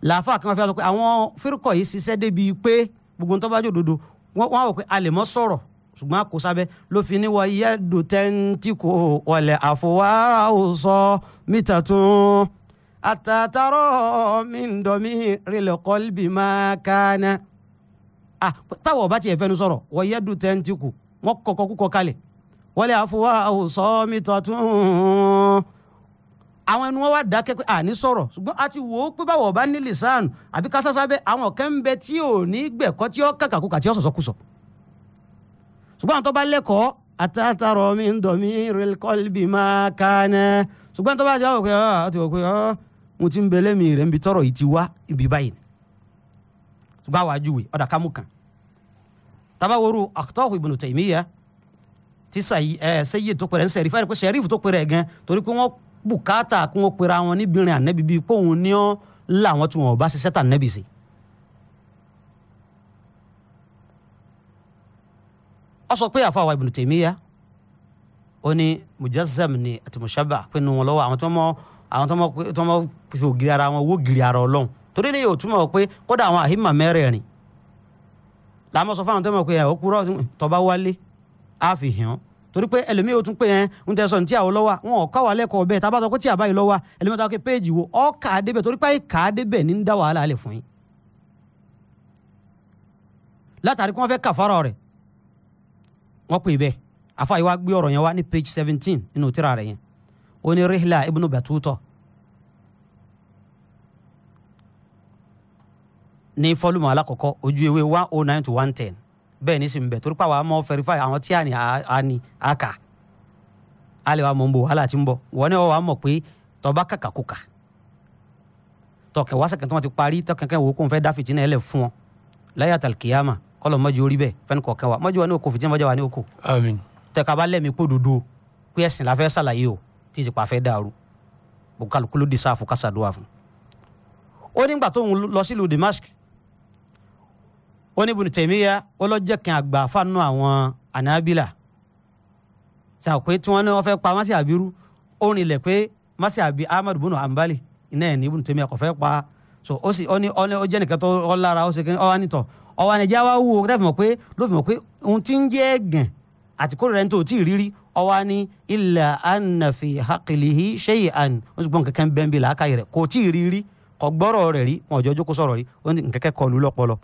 làáfà kí wọ́n fi sọ pé àwọn fírkọ̀ yìí ṣiṣẹ́ débi pé gbogbo ń tọ́ bá jòdodo wọ́n wọ́n wọ̀ pé a lè mọ́ sọ̀rọ̀ ṣùgbọ́n kò sábẹ́ ló fi ní wọ iye dòtẹ́ntì kò wọlé àfọwárà mítà tún àtàtàrọ̀ mi ń dọ̀mí rilẹ̀ kọ́lbì máa kánà. à táwọn ọba tiẹ̀ fẹ́nu sọ̀rọ̀ wọ iye dòtẹ́ntì kò wọ́n kọ̀kọ́ kúkọ kalẹ̀ wọlé àfọwárà ò sọ mítà tún. àwọn ẹnu wọn wá dákẹ́ pé àní sọ̀rọ̀ ṣùgbọ́n a ti wò ó pé báwọ̀ ọba ní lìsàn àbí kásásábẹ́ àwọn kẹ́ńbẹ́ tí ò ní gbẹ̀kọ́ tí ó kàkàkùkà tí ó sọ̀sọ́kùsọ̀. So ṣùgbọ́n tó bá lẹ́kọ̀ọ́ àtàtàrọ̀ mi ń dọ̀ mí rẹ́kọ́lbì máa kánẹ́ ṣùgbọ́n tó bá jẹ́ òkè ọ́ àti òkè ọ́ mo ti ń belé mi rẹ̀ ń bi tọrọ yìí ti wá ibi báyìí ṣùgbọ́n àwọn ajúwe ọ̀dà kámú kan tabaworu akutọ́kù ibùnú tẹ̀míyà tí sẹ́yìn tó pẹ̀rẹ̀ ń sẹ̀rí fẹ́rẹ̀ pé sẹ́rífù tó pẹ̀rẹ̀ gan torí pé wọ́n bùkátà kí wọ́n pera wọn níbìrin a sọ pé àfa wa Ibn Taymiyyah ó ní mujazzam ni àti mushabba pinnu wọn lọ́wọ́ àwọn tó mọ àwọn tó mọ fi ògiri ara wọn wó giri ara Ọlọ́run torí ni yóò túmọ̀ pé kódà àwọn àhímà mẹ́rẹ̀ẹ̀rin làwọn sọ fáwọn tó mọ̀ pé ẹ̀ òkúrọ̀ tọba wálé á fi hàn torí pé ẹlòmíì ó tún pé ẹ ń tẹ sọ ní tí àwọn lọ́wọ́ wọn ò káwá lẹ́kọ̀ọ́ bẹ́ẹ̀ tá a bá sọ pé tí àbáyé lọ́wọ́ ẹlòmíì táwọn kí péèjì wo ọ́ kà á débẹ̀ torí pé kà á débẹ̀ ní ń dá wàhálà á fún yín látàrí kí wọ́n fẹ́ kàfárọ̀ rẹ̀ wọ́n pè bẹ́ẹ̀ afa yìí wá gbé ọ̀rọ̀ yẹn wá ní page seventeen nínú tírà rẹ̀ yẹn ó ní rihla ibnu batuto ní fọ́lùmù alákọ̀ọ́kọ́ ojú ewé one oh nine to one ten bẹ́ẹ̀ ní sì ń bẹ̀ torí pàwọn àmọ́ fẹ́rífáì àwọn tí a ní a ní a kà á lè wa mọ̀ ń bọ̀ wàhálà ti ń bọ̀ wọ́n ní wọ́n wà á pé tọba kàkà kò kà tọkẹ̀ wá tí wọ́n ti parí tọkẹ̀ wo kó n fẹ́ dá fìtínà ẹ̀ lẹ̀ fún ọ láyàtàl kìyàmà kọlọ mọjú orí bẹ́ẹ̀ fẹni kọkàn wa mọjú wa ní oko fìdí mọjú wa ní oko. àmín. tẹka bá lẹ́mìí pò dodo pé ẹ̀sìn la fẹ́ ṣàlàyé o tí ìsìnkú afẹ́ dàrú bùkálukú ló di sáfù kásàdúrà fún. ó nígbà tó ń lọ sílùú Damask ó ní Ibn Taymiyyah ó lọ jẹ́ kí n àgbà fanu àwọn ànábìlà sàpé tí wọ́n ní wọ́n fẹ́ pa masi abiru ó nílẹ̀ pé masi abi ahmadu bunu ambali iná ẹ̀ ní Ibn Taymiyyah kò fẹ́ pa so ó sì ó ní ó jẹ́ nìkan tó lára ó sì kí ọ wá nítọ̀ ọwọ́ anìjà wa wú o tẹ́ fi mọ̀ pé ló fi mọ̀ pé ohun tí ń jẹ́ gàn àti kórè rẹ̀ ń tó tí ì rírí ọwọ́ ni illa anna fi haqilihi shay'an ó sì gbọ́n kankan bẹ́ẹ̀ bí làákàyè rẹ̀ kò tí ì rírí kò gbọ́rọ̀ rẹ̀ rí wọn ò jókòó sọ̀rọ̀ rí ó ní nkẹ́kẹ́ kọlu lọ́pọlọ.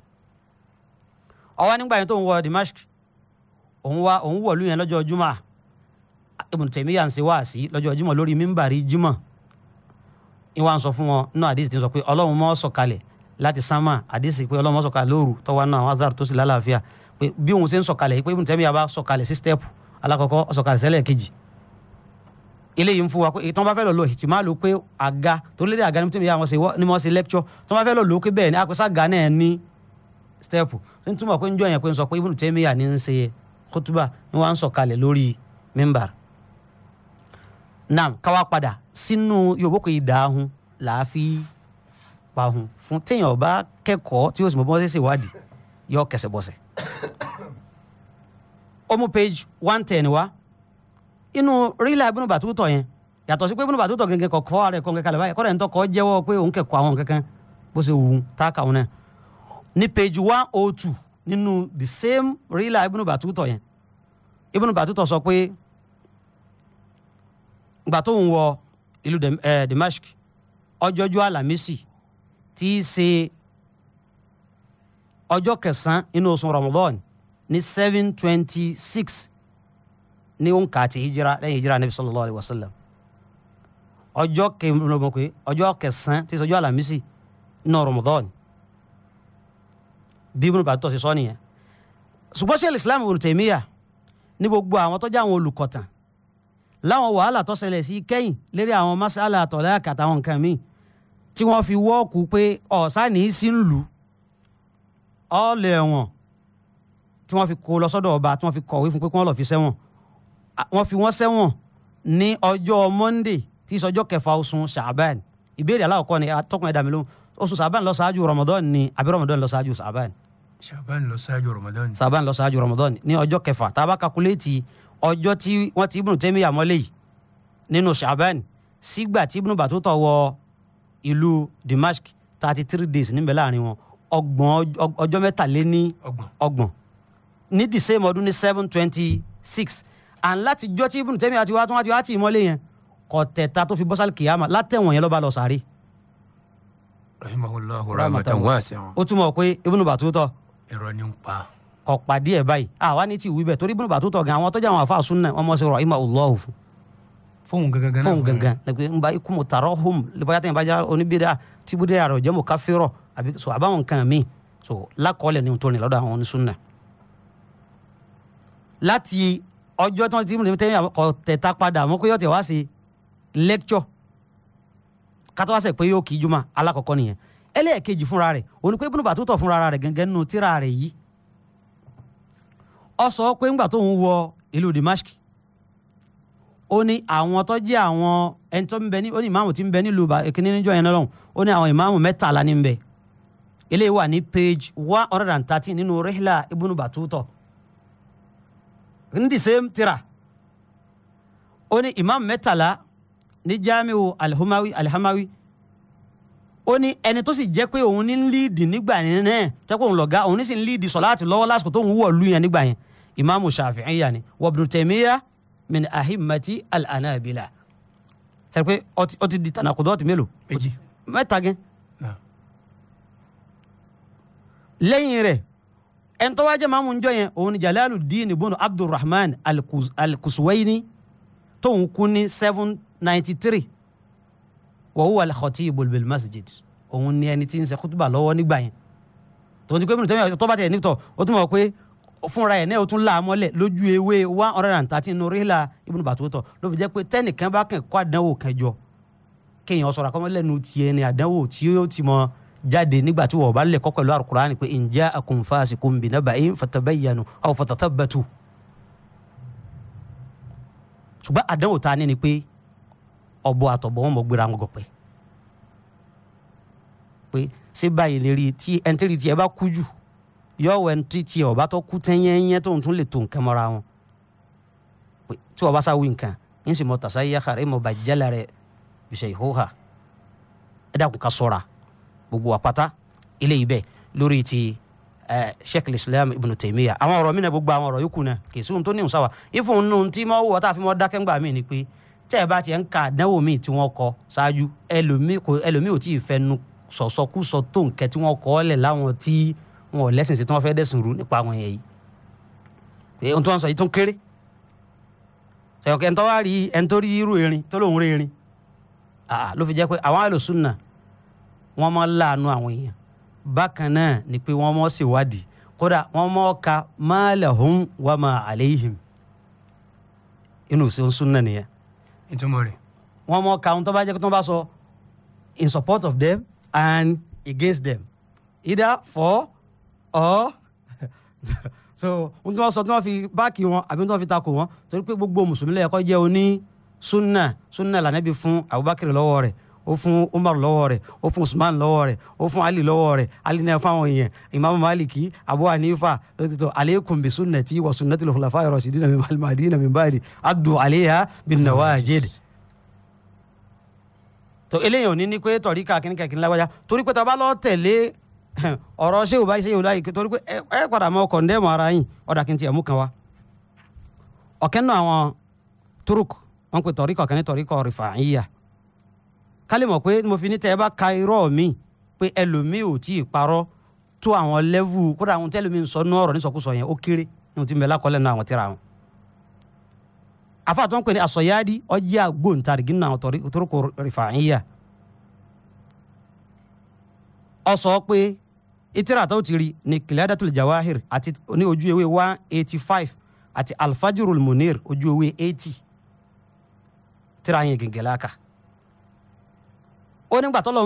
ọwọ́ nígbà yẹn tó ń wọ Dimashq òun wá òun wọ̀lú yẹn lọ́jọ́ jumá Ibn Taymiyyah ń ṣe wá sí lọ́jọ́ jumá lórí mímbàrí jumá ìwà ń sọ fún wọn náà àdìsí ti ń sọ pé ọlọ́run mọ́ sọ̀kalẹ̀ láti sánmà àdìsí pé ọlọ́mọ sọ̀kalẹ̀ lóru tọ́wọ́ náà àwọn azar tó sì lálàáfíà pé bí òun ṣe ń sọ̀kalẹ̀ pé ibùn tẹ́mi àbá sọ̀kalẹ̀ sí stẹ́pù alákọ̀ọ́kọ́ sọ̀kalẹ̀ sẹ́lẹ̀ kejì eléyìí ń fún wa pé tí wọ́n bá fẹ́ lọ lo ìtìmá lo pé àga torí lédè àga ni wọ́n ṣe lecture tí wọ́n bá fẹ́ lọ lo pé bẹ́ẹ̀ ni àpèsè àga náà ní stẹ́pù tó ń túmọ̀ pé ń jọ yẹn pé ń sọ pé ibùn tẹ́mi à ní ń ṣe kótóbà ni wọ́n á ń sọ̀kalẹ̀ lórí mímbàr nam káwá padà sínú yòókù ìdáhùn làáfíì pa hun fún téèyàn ọba kẹ́kọ̀ọ́ tí yóò sì mọ bí wọ́n ṣe ṣèwádìí yóò kẹsẹ̀ bọ́sẹ̀. ó mú page one ten wá inú rílà Ibn Battuta yẹn yàtọ̀ sí pé Ibn Battuta gẹ́gẹ́ kọ̀ kọ́ ara ẹ̀ kọ́ kẹ́kẹ́ báyìí kọ́ra ẹ̀ ń tọkọ jẹ́wọ́ pé òun kẹ́kọ̀ọ́ àwọn kankan bó ṣe wù ú tá a kà wọn náà ní page one oh two nínú the same rílà Ibn Battuta yẹn Ibn e Battuta sọ pé gbà tó ń wọ ìlú eh, Dimashq ọjọ́jú Àlàmísì tí í ṣe ọjọ́ kẹsàn-án inú oṣù Ramadan ní seven twenty six ní òǹkà àti hijira lẹ́yìn hijira Nabi sallallahu alayhi wa sallam ọjọ́ kẹmọ̀pẹ́ ọjọ́ kẹsàn-án tí sọjọ́ alamisi ní Ramadan bí ibùdó bàtọ́ sí sọ nìyẹn ṣùgbọ́n ṣe Islam Ibn Taymiyyah ní gbogbo àwọn tọ́jú àwọn olùkọ̀tàn láwọn wàhálà tó ṣẹlẹ̀ sí kẹ́yìn lérí àwọn masala àtọ̀lẹ́ àkàtà àwọn nǹkan míì tí wọ́n fi wọ́ọ̀kù pé ọ̀sánì sí ń lù ọ̀ọ́lẹ̀ ẹ̀wọ̀n tí wọ́n fi kó lọ sọ́dọ̀ ọba tí wọ́n fi kọ̀wé fún pé kí wọ́n lọ́ọ́ fi sẹ́wọ̀n wọ́n fi wọ́n sẹ́wọ̀n ní ọjọ́ monday tí í sọjọ́ kẹfà oṣù ṣàbàn ìbéèrè aláwọ̀kọ́ ni atọ́kùn ẹ̀dá mi ló oṣù ṣàbàn lọ ṣáájú ramadan ni àbí ramadan lọ ṣáájú ṣàbàn. ṣàbàn lọ ṣáájú ramadan. ni lọ ṣáájú ramadan ní ọjọ́ kẹfà tá a bá kakuléètì ọjọ́ tí wọ́n ti ibùn tẹ́míyà yìí nínú ṣàbàn sígbà tí ibùn bàtútọ̀ wọ ìlú Dimashq thirty three days níbẹ̀ láàrin wọn ọgbọ̀n ọjọ́ mẹ́tàléní ọgbọ̀n ní the same ọdún ní seven twenty six and láti jọ́ tí ibùdó tẹ́mi àti wá tí wọ́n ti wá tì í mọ́lé yẹn kò tẹ̀ta tó fi bọ́sálì kìyàmà látẹ̀wọ̀n yẹn lọ́ba lọ sàárè. rahimahulahu rahmatan wasi'an. ó túmọ̀ pé ibùdó bàtútọ̀. irọ́ ni ń pa. kọ̀ pàdé ẹ̀ báyìí àwa ní ti ìwí bẹ̀ torí ibùdó bàtútọ̀ gan àwọn tọ́jà àwọn àfa àsúnà ọmọ sí rahimahulahu fún fóun gangan náà fóun gangan nàgbé nba ikumu tààrọ hom lóba yàtọ̀ ìbájá oníbìdá tìbúdé àrò jẹ́mu káfírọ̀ àbí so àbáwọn nǹkan mi so lákọọ́lẹ̀ ni tó ní lọ́dọ̀ àwọn onísùnà. láti ọjọ́ tí wọ́n ti mú tẹ́yìn ọ̀tẹ̀ta padà mọ́ pé ọ̀tẹ̀ wá sí lẹ́kṣọ̀ kátó wá sẹ̀ pé yóò kí juma alákọ̀ọ́kọ́ nìyẹn ẹlẹ́ẹ̀kejì fúnra rẹ̀ òní pé bùnú bàtútọ̀ fúnra rẹ̀ gẹ́gẹ́ nínú tíra rẹ̀ yìí ó sọ pé ńgbà tóun wọ ìlú Dimashq ó ní àwọn tó jẹ́ àwọn ẹni tó ń bẹ ní ó ní ìmáàmù tí ń bẹ nílùú kíní níjọ́ yẹn lọ́rùn ó ní àwọn ìmáàmù mẹ́tàlá ní ń eléyìí wà ní page one hundred and thirteen nínú rihla ibùnú bàtútọ̀ ní the same tira ó ní ìmáàmù mẹ́tàlá ní jamiu alhamawi alhamawi ó ní ẹni tó sì jẹ́ pé òun ní líìdì nígbà yẹn náà jẹ́ pé òun lọ̀gá òun ní sì ń líìdì sọ̀láàtì lọ́wọ́ lásìkò tó ń wọ̀ lú yẹn nígbà yẹn ìmáàmù Shafi'i yà ni wọ́n Ibn Taymiyyah min ahimati al-anabila sẹ́ni pé ó ti di tànàkùdọ́ ọ̀tí mélòó méjì mẹ́ta gẹ́n lẹ́yìn rẹ̀ ẹni tó wá jẹ́ maamu njọ́ yẹn òun ni Jalaluddin ibn Abdurrahman al-Kuswaini tóun kú ní seven ninety three wa huwa al-khatibul bil masjid òun ni ẹni tí ń ṣe kútùbà lọ́wọ́ nígbà yẹn tòun ti pé mi ò tẹ́ mi ò tó bá tẹ̀ fúnra ẹ̀ náà ó tún là á mọ́lẹ̀ lójú ewé one hundred and thirteen nínú ríhìlà Ibn Battuta ló fi jẹ́ pé tẹ́nìkan bá kàn kó àdánwò kan jọ kéèyàn sọ̀rọ̀ àkọ́mọ́lẹ́nu tiẹ̀ ni àdánwò tí ó ti mọ́ jáde nígbà tí wọ́n bá lẹ̀kọ́ pẹ̀lú alukur'an pé in ja'akum fasiqun binaba'in fatabayyanu aw fatathabbatu. ṣùgbọ́n àdánwò ta ni ni pé ọ̀bọ àtọ̀bọ̀ wọn mọ̀ gbéra wọn gọ̀pẹ́. pé ṣé báyìí lè rí tí ẹntẹ́rì tí ẹ bá kú jù yọ wẹ ntí tiẹ ọba tó kú tẹyẹnyẹ tó ń tún lè tó nǹkan mọ́ra wọn tí ọba sá wí nǹkan ń sì mọ tàṣà yíyá kàrẹ mọ bàjẹ́lẹ̀ rẹ bìṣẹ̀ ìhóhà ẹ dàkún ká sọ̀ra gbogbo àpáta ilé ibẹ̀ lórí ti ẹ sheikh islam ibn taymiya àwọn ọ̀rọ̀ mi náà gbogbo àwọn ọ̀rọ̀ yòókù náà kì í sí ohun tó ní ìhùn sáwà ìfún nù tí mo wọ̀ tá a fi mọ́ dákẹ́ ńgbà mí ni pé tẹ́ ẹ bá tiẹ̀ ń ka àdánwò míì tí wọ́n kọ ṣáájú ẹlòmíì ò tí ì fẹnu sọ̀sọkúsọ tó nǹkẹ́ tí wọ́n kọ́ lẹ̀ láwọn tí wọn ò lẹ́sìn sí tí wọ́n fẹ́ dẹ̀sìn rú nípa àwọn èèyàn yìí pé ohun tí wọ́n sọ yìí tún kéré sọ̀kẹ́ ń tọ́wá rí ẹni tó rí irú erin tó lóun rí erin ló fi jẹ́ pé àwọn àlòsùnà wọ́n mọ́ láàánú àwọn èèyàn bákan náà ni pé wọ́n mọ́ ṣèwádìí kódà wọ́n mọ́ ka ma lahum wa ma alayhim inú sí sunna nìyẹn. ìtumọ̀ rẹ̀. wọ́n mọ́ ka ohun tó bá jẹ́ pé tó bá sọ in support of them and against them either for ọ́ so ohun tí wọ́n sọ tí wọ́n fi báàkì wọn àbí tí wọ́n fi takò wọn torí pé gbogbo mùsùlùmí lẹ́yìn kó jẹ́ oní sunna sunna lànàbí fún Abubakar lọ́wọ́ rẹ̀ ó fún Umar lọ́wọ́ rẹ̀ ó fún Usman lọ́wọ́ rẹ̀ ó fún Ali lọ́wọ́ rẹ̀ Ali náà fáwọn èèyàn Imam Maliki Abu Hanifa lọ́títọ́ aleikum bi sunnati wa sunnati lọ́kùnláfà rashidina min al-madina min ba'di adu alayha bin nawajid tó eléyìí ò ní ní pé tọ̀ríkà kínníkà kínní lágbájá torí pé tá a bá lọ tẹ̀lé ọ̀rọ̀ ṣé ò báyìí ṣé ò láyìí torí pé ẹ padà mọ kọ̀ǹdẹ́mù ara yín ọ̀dà kí n tiẹ̀ mú kan wá. ọ̀kẹ́ náà àwọn turuk wọn pe tọ̀ríkọ̀ kan ní tọ̀ríkọ̀ rìfàáyà kálí mọ̀ pé mo fi ní tẹ́ ẹ bá ka irọ́ mi pé ẹlòmíì ò tíì parọ́ tó àwọn kódà àwọn ń sọ nú ọ̀rọ̀ nísọkúsọ yẹn ó kéré ní o ti mẹ́lá kọ́lẹ́ nínú àwọn tíra wọn. pé itira tó ti rí ni kiladatul jawahir ati ni ojú ewé one eighty five àti alfajirul munir ojú ewé eighty tírà yẹn gègé láàkà. ó nígbà tó lọ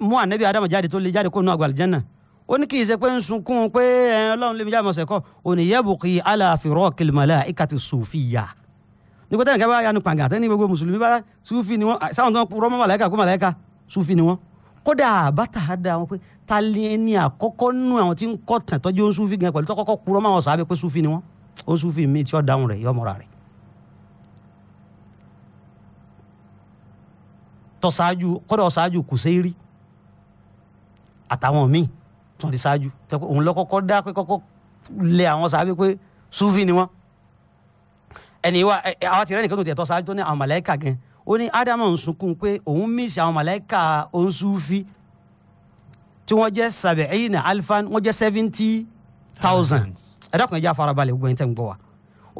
mú ànábì adamu jáde tó lè jáde kó nu àgbàlìjánná ó ní kì í ṣe pé ń sunkún pé ẹ ọlọ́run lè mi jáde mọ̀sẹ̀ kọ́ òní yẹ́bùkì aláfirọ́ kìlìmọ̀lá ìkàtì sùfìyà nígbà tẹ́lẹ̀ kẹ́bà yanu pàǹgà tẹ́lẹ̀ ní gbogbo mùsùlùmí bá sùfì ni wọ́n sáwọn tó ń rọ́mọ́ màláìka kó màláìka sùfì ni wọ́n kódà bàtà á wọn pé talẹ́ ẹni àkọ́kọ́ nù àwọn tí ń kọ́ tàn tọ́jú ó ń súfì gan pẹ̀lú tó kọ́kọ́ kúrọ́ máa wọ̀ sábẹ́ pé súfì ni wọ́n ó ń súfì míì tí ó dáhùn rẹ̀ yọ mọ́ra rẹ̀. tọ́sáájú kọ́dọ̀ ṣáájú kò ṣe é rí àtàwọn míì tó ń di ṣáájú òun lọ kọ́kọ́ dá pé kọ́kọ́ lẹ àwọn sábẹ́ pé súfì ni wọ́n. ẹni wa àwa ti rẹ́ nìkan tó tiẹ̀ tọ́sáájú tó ní àwọn màláíkà gan ó ní ádámù ń sunkún pé òun míìsì àwọn màláíkà òun súfì tí wọ́n jẹ́ sàbẹ̀ẹ́yìn alifan wọ́n jẹ́ seventy thousand ẹ dákun ẹ jẹ́ àfarabalẹ̀ gbogbo ẹ̀ tẹ́ ń gbọ́ wa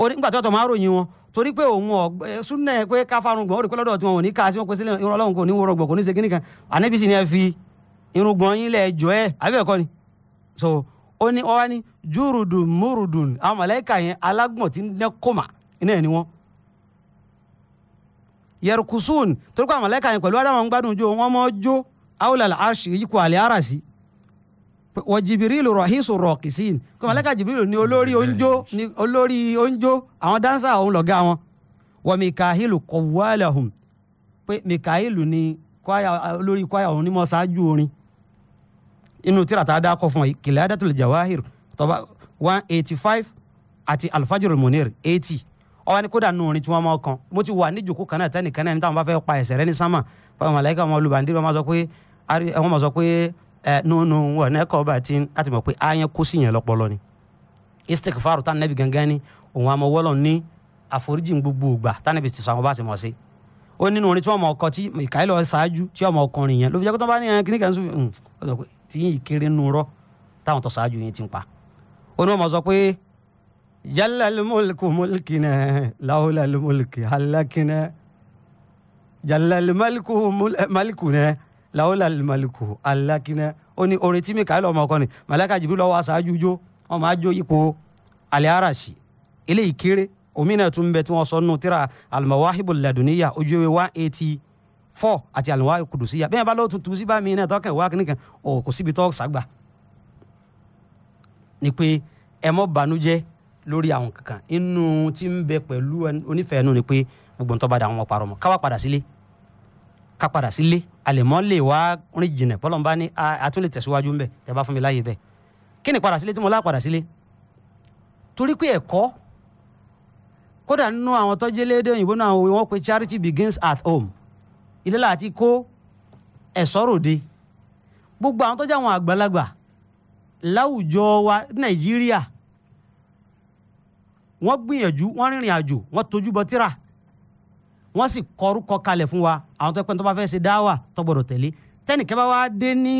orí nígbà tó tọ̀ máa ròyìn wọn torí pé òun ọ súnà ẹ pé káfarun gbọ̀n ó pé lọ́dọ̀ tí wọn ò ní ká sí wọn pé irun ọlọ́run kò ní wọ́rọ̀ gbọ̀n kò ní segin nìkan ànábì ni ẹ fi irun gbọ̀n yín lẹ̀ jọ ẹ àbí ẹ̀kọ́ ni so ó ní ọ wá ní júrùdùn múrùdùn àwọn màláíkà yẹn alágbọ̀n tí ní kòmà iná ẹ̀ ni wọ́n yẹrùkùsùn torí pé àwọn yẹn pẹ̀lú adáwọn gbádùn jó wọn mọ́ jó awulal arshi yìí kò arasi wọ jibirilu rahisu rọkisin kò mọlẹka jibirilu ni olori onjo ni olori onjo àwọn dansa òun lọgá wọn wọ mikahilu kọwalahum pé mikahilu ni kwaya olórí kwaya òun ni mo ṣáájú orin inú tíra tá a dá kọ fún ọ jawahir tọba one eighty five ati alfajr munir eighty ọwọ́ ni kódà nù orin tí wọ́n mọ̀ kan mo ti wà níjòkó kan náà tẹ́nìkan náà ní táwọn bá fẹ́ pa ẹ̀sẹ̀ rẹ ní sánmà pàmò àlàyé kan ọmọ wọn máa sọ pé wọ́n mọ̀ sọ pé ẹ nùnù wọ̀ nẹ́kọ̀ bá ti á ti mọ̀ pé ayẹn kó sí yẹn lọ́pọlọ ni istikfaru tá nẹ́bi gangan ni òun àmọ́ wọ́lọ̀ ní àforíjì gbogbo ògbà tá nẹ́bi ti sọ àwọn bá ti mọ̀ sí ó nínú orin tí wọ́n mọ̀ ọkọ tí ìkàílọ̀ ṣáájú tí wọ́n mọ̀ ọkùnrin yẹn ló fi jẹ́ kó tó bá ní ẹran kìnnìkan sùn ó sọ pé tí yín ìkéré nu rọ́ táwọn tó ṣáájú yẹn ti ń pa ó ní wọ́n mọ̀ sọ pé jalal mulku mulkina laula mulki halakina làwọn làlùmọ̀lùkù alákínà ó ní orin tí mikael ọmọ ọkọ ni màláíkà e Jibril lọ́wọ́ aṣáájú jó wọn máa jó ipò alẹ́ arashi eléyìí kéré omínà tún bẹ tí wọ́n sọ nù tíra alimawahibu laduniya ojú ewé one eighty four àti alimawahibu kudusiya bẹ́ẹ̀ bá lọ́wọ́ tuntun sí bá mi náà tọ́kẹ̀ wá kíníkan ò kò síbi tọ́ sàgbà ni pé ẹ e mọ́ banújẹ́ lórí àwọn kankan inú tí ń bẹ pẹ̀lú onífẹ̀ẹ́ nù ni pé gbogbo ń tọ́ bá da àwọn ọmọ parọ́ padà sílé ká padà sílé àlèmọ́ lè wá rìn jìnà bọ́lọ́mbá ní àtúnlè tẹ̀síwájú ńbẹ tẹ bá fún mi láàyè bẹ́ẹ̀ kí ni padà sílé tí mo lá padà sílé torí pé ẹ̀kọ́ kódà nínú àwọn tọ́jú lédè òyìnbó náà wọ́n pe charity begins at home ilé láti kó ẹ̀sọ́ ròde gbogbo àwọn tọ́jú àwọn àgbàlagbà láwùjọ wa Nàìjíríà wọ́n gbìyànjú wọ́n rìnrìn àjò wọ́n tójú bọ tírà wọ́n sì kọrúkọ kalẹ̀ fún wa àwọn tó pẹ́ tó bá fẹ́ ṣe dáwà tó gbọ́dọ̀ tẹ̀lé tẹ́nìkẹ́ bá wá dé ní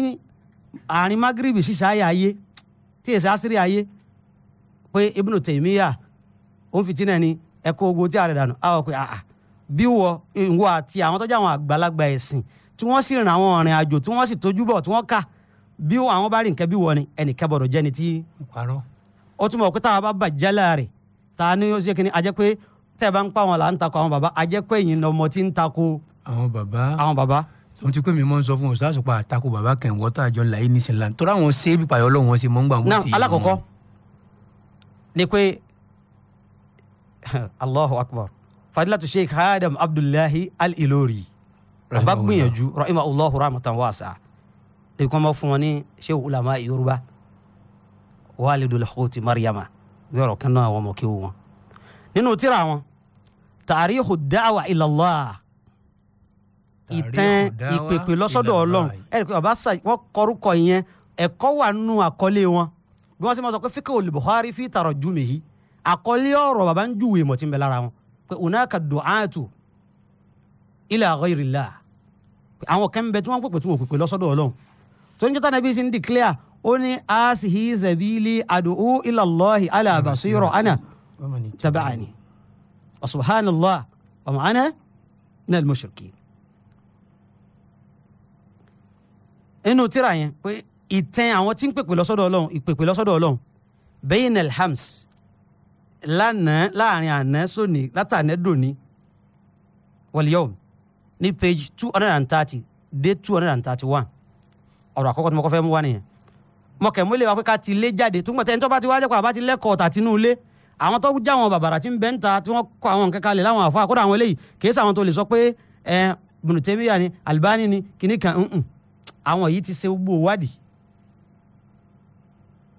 àárín magrebi ṣíṣe ayé ayé tí èsì àṣírí ayé pé Ibn Taymiyyah òun fìtínà ni ẹ̀kọ́ ogun tí a rẹ̀ dànù àwọn pé àà bí wọ ìwọ àti àwọn tọ́jú àwọn àgbàlagbà ẹ̀sìn tí wọ́n sì rìn àwọn ọ̀rìn àjò tí wọ́n sì tójú bọ̀ tí wọ́n kà bí àwọn bá rí nǹkan bí wọ ni ẹnìkan bọ̀dọ̀ jẹ́ni tí. ó tún bọ̀ pé táwa bá bàjẹ́ láàrẹ̀ ta ni ó ṣe kí ni a pé tẹ́ ẹ bá ń pa àwọn là ń takò àwọn bàbá àjẹkọ́ èyí ni ọmọ tí ń takò. àwọn bàbá àwọn bàbá. tòun ti pé mi mọ ń sọ fún ọsàn àsopọ̀ àtakò bàbá kẹ̀ ń wọ́tà àjọ làyé níṣẹ́ lánàá tó ráwọn ṣe é bí pàyọ́ lọ́wọ́ ṣe mọ́ gbà wọ́n ti yé wọn. alákọ̀ọ́kọ́ ni pé allahu akbar fadilatu sheikh adam abdullahi al-ilori bàbá gbìyànjú rahima allahu rahmatan wasa ni kò mọ fún wọn ní sheikh ulama yorùbá wàlidul hoti mariama bí ọ̀rọ̀ kan náà àwọn ọmọ kéwù wọn nínú tíra wọn tàríhù dáwà ilallah ìtàn ìpèpè lọ́sọ́dọ̀ ọlọ́run ẹ̀rì pé bàbá sà wọ́n kọrúkọ yẹn ẹ̀kọ́ wà nù àkọlé wọn bí wọ́n sì máa sọ pé fíkẹ́ olùbùhárí fi tààrọ̀ jù mí yìí àkọlé ọ̀rọ̀ bàbá ń júwèé mọ̀ tí ń bẹ lára wọn pé unaka du'atu ila ghayrillah àwọn kan bẹ tí wọ́n pèpè tí wọ́n pèpè lọ́sọ́dọ̀ ọlọ́run tó ń jẹ́ tánà bí sí ń declare ó ní asihi zabili adu'u ilallahi ala basira ana taba'ani. وسبحان الله ومعنا من المشركين إنه tíra yẹn pé ìtẹ́n àwọn tí ń pèpè lọ́sọ́dọ̀ ọlọ́run ìpèpè lọ́sọ́dọ̀ ọlọ́run bẹ́yìn elhams lánàá láàrin àná sóní látàná dòní wọ̀líọ́m ní page two hundred and thirty dé two hundred and thirty one ọ̀rọ̀ àkọ́kọ́ tí mo kọ́ fẹ́ mú wá nìyẹn mọ̀kẹ́mú lè wá pé ká ti lé jáde tó ń gbọ́tẹ́ ní tó bá ti wá jẹ́ àbá ti lẹ́kọ̀ọ́ tàtinú ilé àwọn tó já àwọn bàbàrà tí ń bẹ́ ń ta tí wọ́n kọ àwọn nǹkan kalẹ̀ láwọn àfa kódà àwọn eléyìí kìí sàwọn tó lè sọ pé ẹ Ibn ni Albani ni kìíní kan nǹkan àwọn yìí ti ṣe gbogbo wádìí.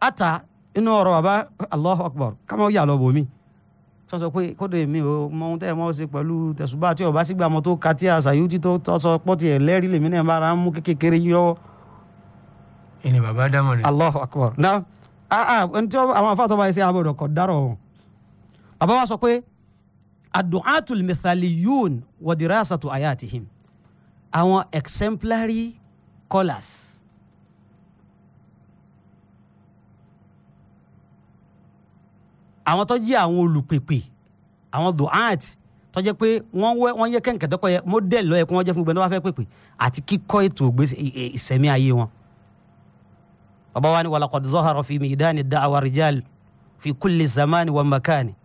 ata inú ọ̀rọ̀ bàbá Allahu Akbar kámọ́ yà lọ bòmí sọ sọ pé kódà èmi ò mọ ohun tẹ́ ẹ mọ́ ṣe pẹ̀lú tẹ̀sùbá tí ọba sígbà mọ́ tó ka tí àṣàyù tí tó sọ pọ́tì ẹ̀ lẹ́rìí lèmi náà bára ń mú kékeré yí lọ́wọ́. ẹni bàbá dámọ̀ ni. Allahu Akbar náà àwọn afáàtọ̀ báyìí ṣe àbọ̀dọ̀ kọ̀ dárọ̀ wọn bàbá wa sọ pé adu'atul mithaliyun wa dirasatu ayatihim àwọn exemplary callers àwọn tó jẹ́ àwọn olùpèpè àwọn du'at tó jẹ́ pé wọ́n wẹ́ wọ́n yẹ kẹ́ǹkẹ́dọ́kọ̀ yẹ mọ́dẹ́lì lọ́yẹ kí wọ́n jẹ́ fún gbẹ́ndọ́ bá fẹ́ pèpè àti kíkọ́ ètò ìsẹ̀mí ayé wọn bàbá wa ni walaqad zahara fi midani da'wa rijal fi kulli zamani wa makani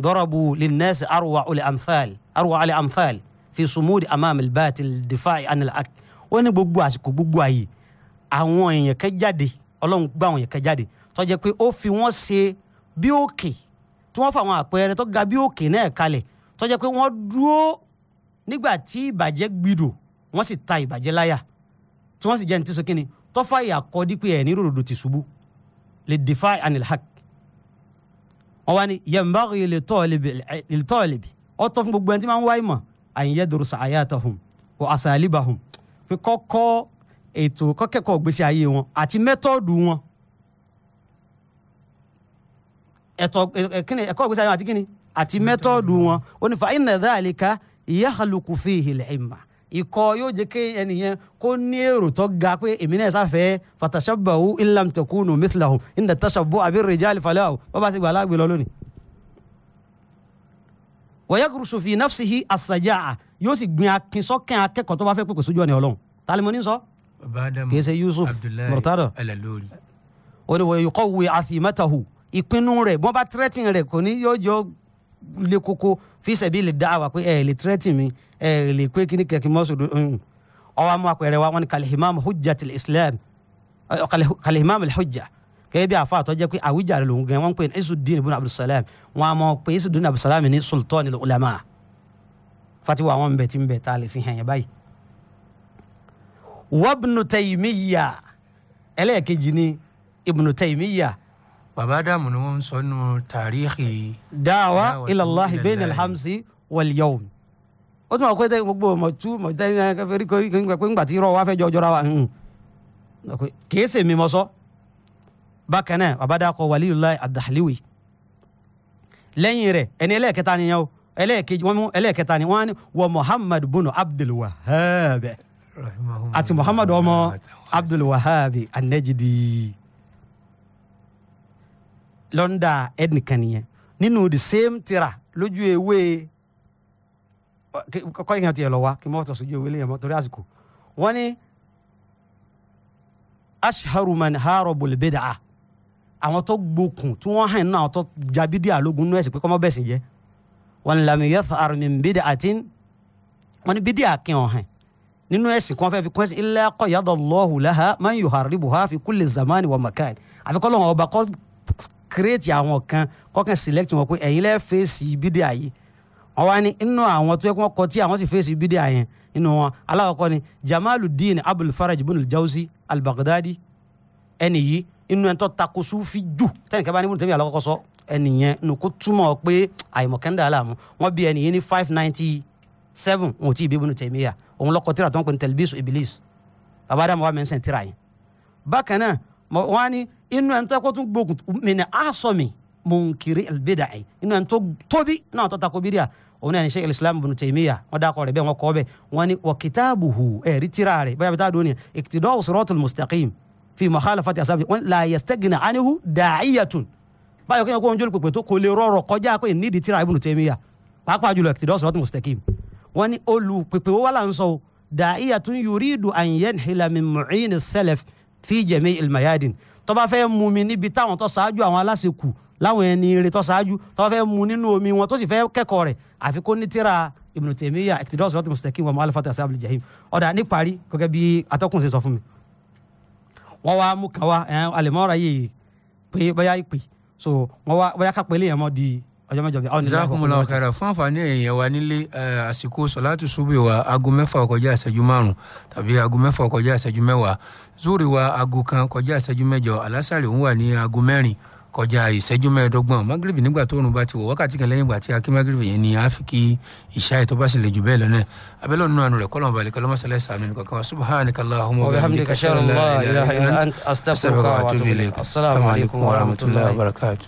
ضربوا للناس أروع الأمثال أروع الأمثال في صمود أمام الباطل الدفاع عن الحق وأنا ní gbogbo àsìkò gbogbo ayé àwọn èèyàn kan jáde ọlọ́run gbá àwọn èèyàn kan jáde tó jẹ́ pé ó fi wọ́n ṣe bí òkè tí wọ́n fa àwọn àpẹẹrẹ tó ga bí òkè náà kalẹ̀ tó jẹ́ pé wọ́n dúró nígbà tí ìbàjẹ́ gbìdò wọ́n sì ta ìbàjẹ́ láyà tí wọ́n sì jẹ́ ní tí so kínni tó fàyà kọ́ dípẹ́ ẹ̀ ní ròdòdò tìṣubú lè dìfà anil haq wọ́n wá ní yambaghi li talibi ó tọ́ fún gbogbo ẹni tí máa ń wá ìmọ̀ an yadrusa ayatahum wa asalibahum pé kọ́kọ́ ètò kọ́kẹ́kọ̀ọ́ gbèsè ayé wọn àti mẹ́tọ́ọ̀dù wọn ẹ̀tọ́ kíni ẹ̀kọ́ gbèsè ayé wọn àti kíni àti mẹ́tọ́ọ̀dù wọn ó ní fa inna dhalika yahluku ikọ̀ yóò jẹ́ kí ẹnìyẹn kó ní èrò tó ga pé èmi náà sáfẹ́ fatashabahu illam takunu mithlahum inda tashabbu abirrijal falahu bàbá sì gbà aláàgbé lọ lónìí. wayakurusu fi nafsihi as-sajaa yóò sì gbin akinsọ́kẹ́ akẹ́kọ̀ọ́ tó bá fẹ́ pèpè sójú ọ̀nà ọlọ́run talimoni sọ. kì í ṣe Yusuf Murtada ó ní wayuqawwi athimatahu ìpinnu rẹ̀ bọ́n bá tírẹ́tì rẹ̀ kò ní yóò jọ lé koko fi sabilid da'wa pé ẹ̀ lè tírẹ́tì mi ẹ lè pé kíní kẹkẹ mọ́sọ̀dọ̀ um, ọwọ́ mú apẹ̀rẹ̀ wa wọn ni kalihimam hujjatil islam kalihimam hujja gẹ́gẹ́ bí àfa àtọ́jẹ́ pé àwíjàre lòun gan wọ́n pè ní isudin ibùn abdulsalam wọn a mọ̀ pé isudin abdulsalam ní sultan ulama fati wa wọn bẹ ti bẹ tá a lè fi hàn yẹn wabnu taymiya ẹlẹ́ẹ̀kejì ni ibnu taymiya baba dààmú ni wọn sọ nù tàríkì. da'wa alhamsi wal yawm ó tún wà pé gbogbo mọ̀ tú mọ̀ tẹ́yìn kẹfẹ́ rí kí n pẹ́ ńgbà tí irọ́ wa fẹ́ jọ jọra wa kìí ṣe mi mọ́ sọ bákan náà bàbá dákọ̀ Waliyullah Ad-Dahliwi lẹ́yìn rẹ̀ ẹni ẹlẹ́ẹ̀kẹta nìyẹn o ẹlẹ́ẹ̀kejì wọn mú ẹlẹ́ẹ̀kẹta ni wọn ni wọ Muhammad bunu Abdul Wahhab àti Muhammad ọmọ Abdul Wahhab lọ́ndà ẹnìkan nìyẹn nínú the same tira lójú ewé kọ́ ìyẹn ti yẹ lọ wa kí n bá tọ̀ sójú ìwé lẹ́yìn mọ́ torí àsìkò wọ́n ní asharu man harobol àwọn tó gbókun tí wọ́n hàn náà tó jabidi àlógun nú ẹ̀sìn pé kọ́mọ́ bẹ̀sìn jẹ́ wọn làmì yathar min bid'atin wọn ní bídí àkìn ọ̀hàn nínú ẹ̀sìn kan fẹ́ẹ́ fi kún ẹ̀sìn illa qayadallahu laha man yuharribuha fi kulli zamani wa makan àfikọ́ lọ́wọ́ ọba kọ́ kírètì àwọn kan kọ́kàn sílẹ̀kì wọn pé ẹ̀yin lẹ́ẹ̀ fèsì bídí àyè wọn wá ní inú àwọn tó yẹ kí wọn kọ tí àwọn sì fèsì bídíà yẹn inú wọn alákọ̀ọ́kọ́ ni Jamaluddin Abul Faraj bin al-Jawzi al-Baghdadi ẹni yìí inú ẹ̀ńtọ́ tako sufi jù tẹ́nìkan bá ní ibùdó tẹ́mi alákọ̀ọ́kọ́ sọ ẹni yẹn nù kó túmọ̀ pé àìmọ̀kẹ́ndà aláàmú wọn bí ẹni yẹn ní five ninety seven wọn ò tí ì bí ibùdó tẹ́mi yà òun lọ́kọ̀ tíra tó ń pè ní tẹlifíṣù ibilis bàbá wa mẹ́sàn tíra yẹn bákan náà wọn á ní inú ẹ̀ńtọ́ kó tún mi munkiri albidai inú ẹni tó tóbi náà tó tako bídíà òun náà ní sheikh islam ibn taymiya wọn dákọ rẹ bẹ́ẹ̀ wọn kọ bẹ́ẹ̀ wọn ni wa kitabuhu ẹẹri tira rẹ bóyá bí táà dóni siratul mustaqim fi mukhalafati asabi la yastaghna anhu da'iyatun báyọ̀ kéèyàn kó wọn jóló pèpè tó kò lè rọrọ̀ kọjá pé nídìí tira ibn taymiya pàápàá jùlọ iqtidau siratul mustaqim wọn ni olùpèpè wọn wà da'iyatun yuridu an yanhila min mu'in as-salaf fi jami'il mayadin tó bá fẹ́ mú mi níbi táwọn tó ṣáájú láwọn ẹni eré tó ṣáájú tó fẹ́ mu nínú omi wọn tó sì fẹ́ kẹ́kọ̀ọ́ rẹ̀ àfi kó ní tíra Ibn Taymiyyah iqtidas sirat mustaqim wa mu'alafati ashabil jahim ọ̀dà níparí gẹ́gẹ́ bí atọ́kùn ṣe sọ fún mi. wọ́n wá mú kan wá alẹ́mọ́ra yìí pé bóyá ìpè so wọ́n wá bóyá kápẹ́ ilé yẹn mọ́ di ọjọ́ mẹ́jọ bí. jazakumullahu khairan fún àǹfààní èèyàn wa nílé àsìkò sọ̀láàtù ṣubú wa aago mẹ́fà kọjá ìṣẹ́jú márùn-ún tàbí aago zuri wa aago kan kọjá ìṣẹ́jú mẹ́jọ alásàrè ń wà ní aago mẹ́rin kọjá ìṣẹ́jú mẹ́ẹ̀ẹ́dọ́gbọ̀n magrib nígbà tó oòrùn bá ti wọ̀ wákàtí kan lẹ́yìn ìgbà tí akí magrib yẹn ni a fi kí ìṣá ètò bá sì lè jù bẹ́ẹ̀ lọ́nà abẹ́lẹ́ ọ̀nà àánú rẹ̀ kọ́lọ̀ balẹ̀ kọ́lọ́ masalẹ̀ sàmì nìkan kan subhanaka allahumma wa bihamdika ashhadu an la ilaha illa anta astaghfiruka wa atubu ilayk assalamu alaykum wa rahmatullahi wa barakatuh.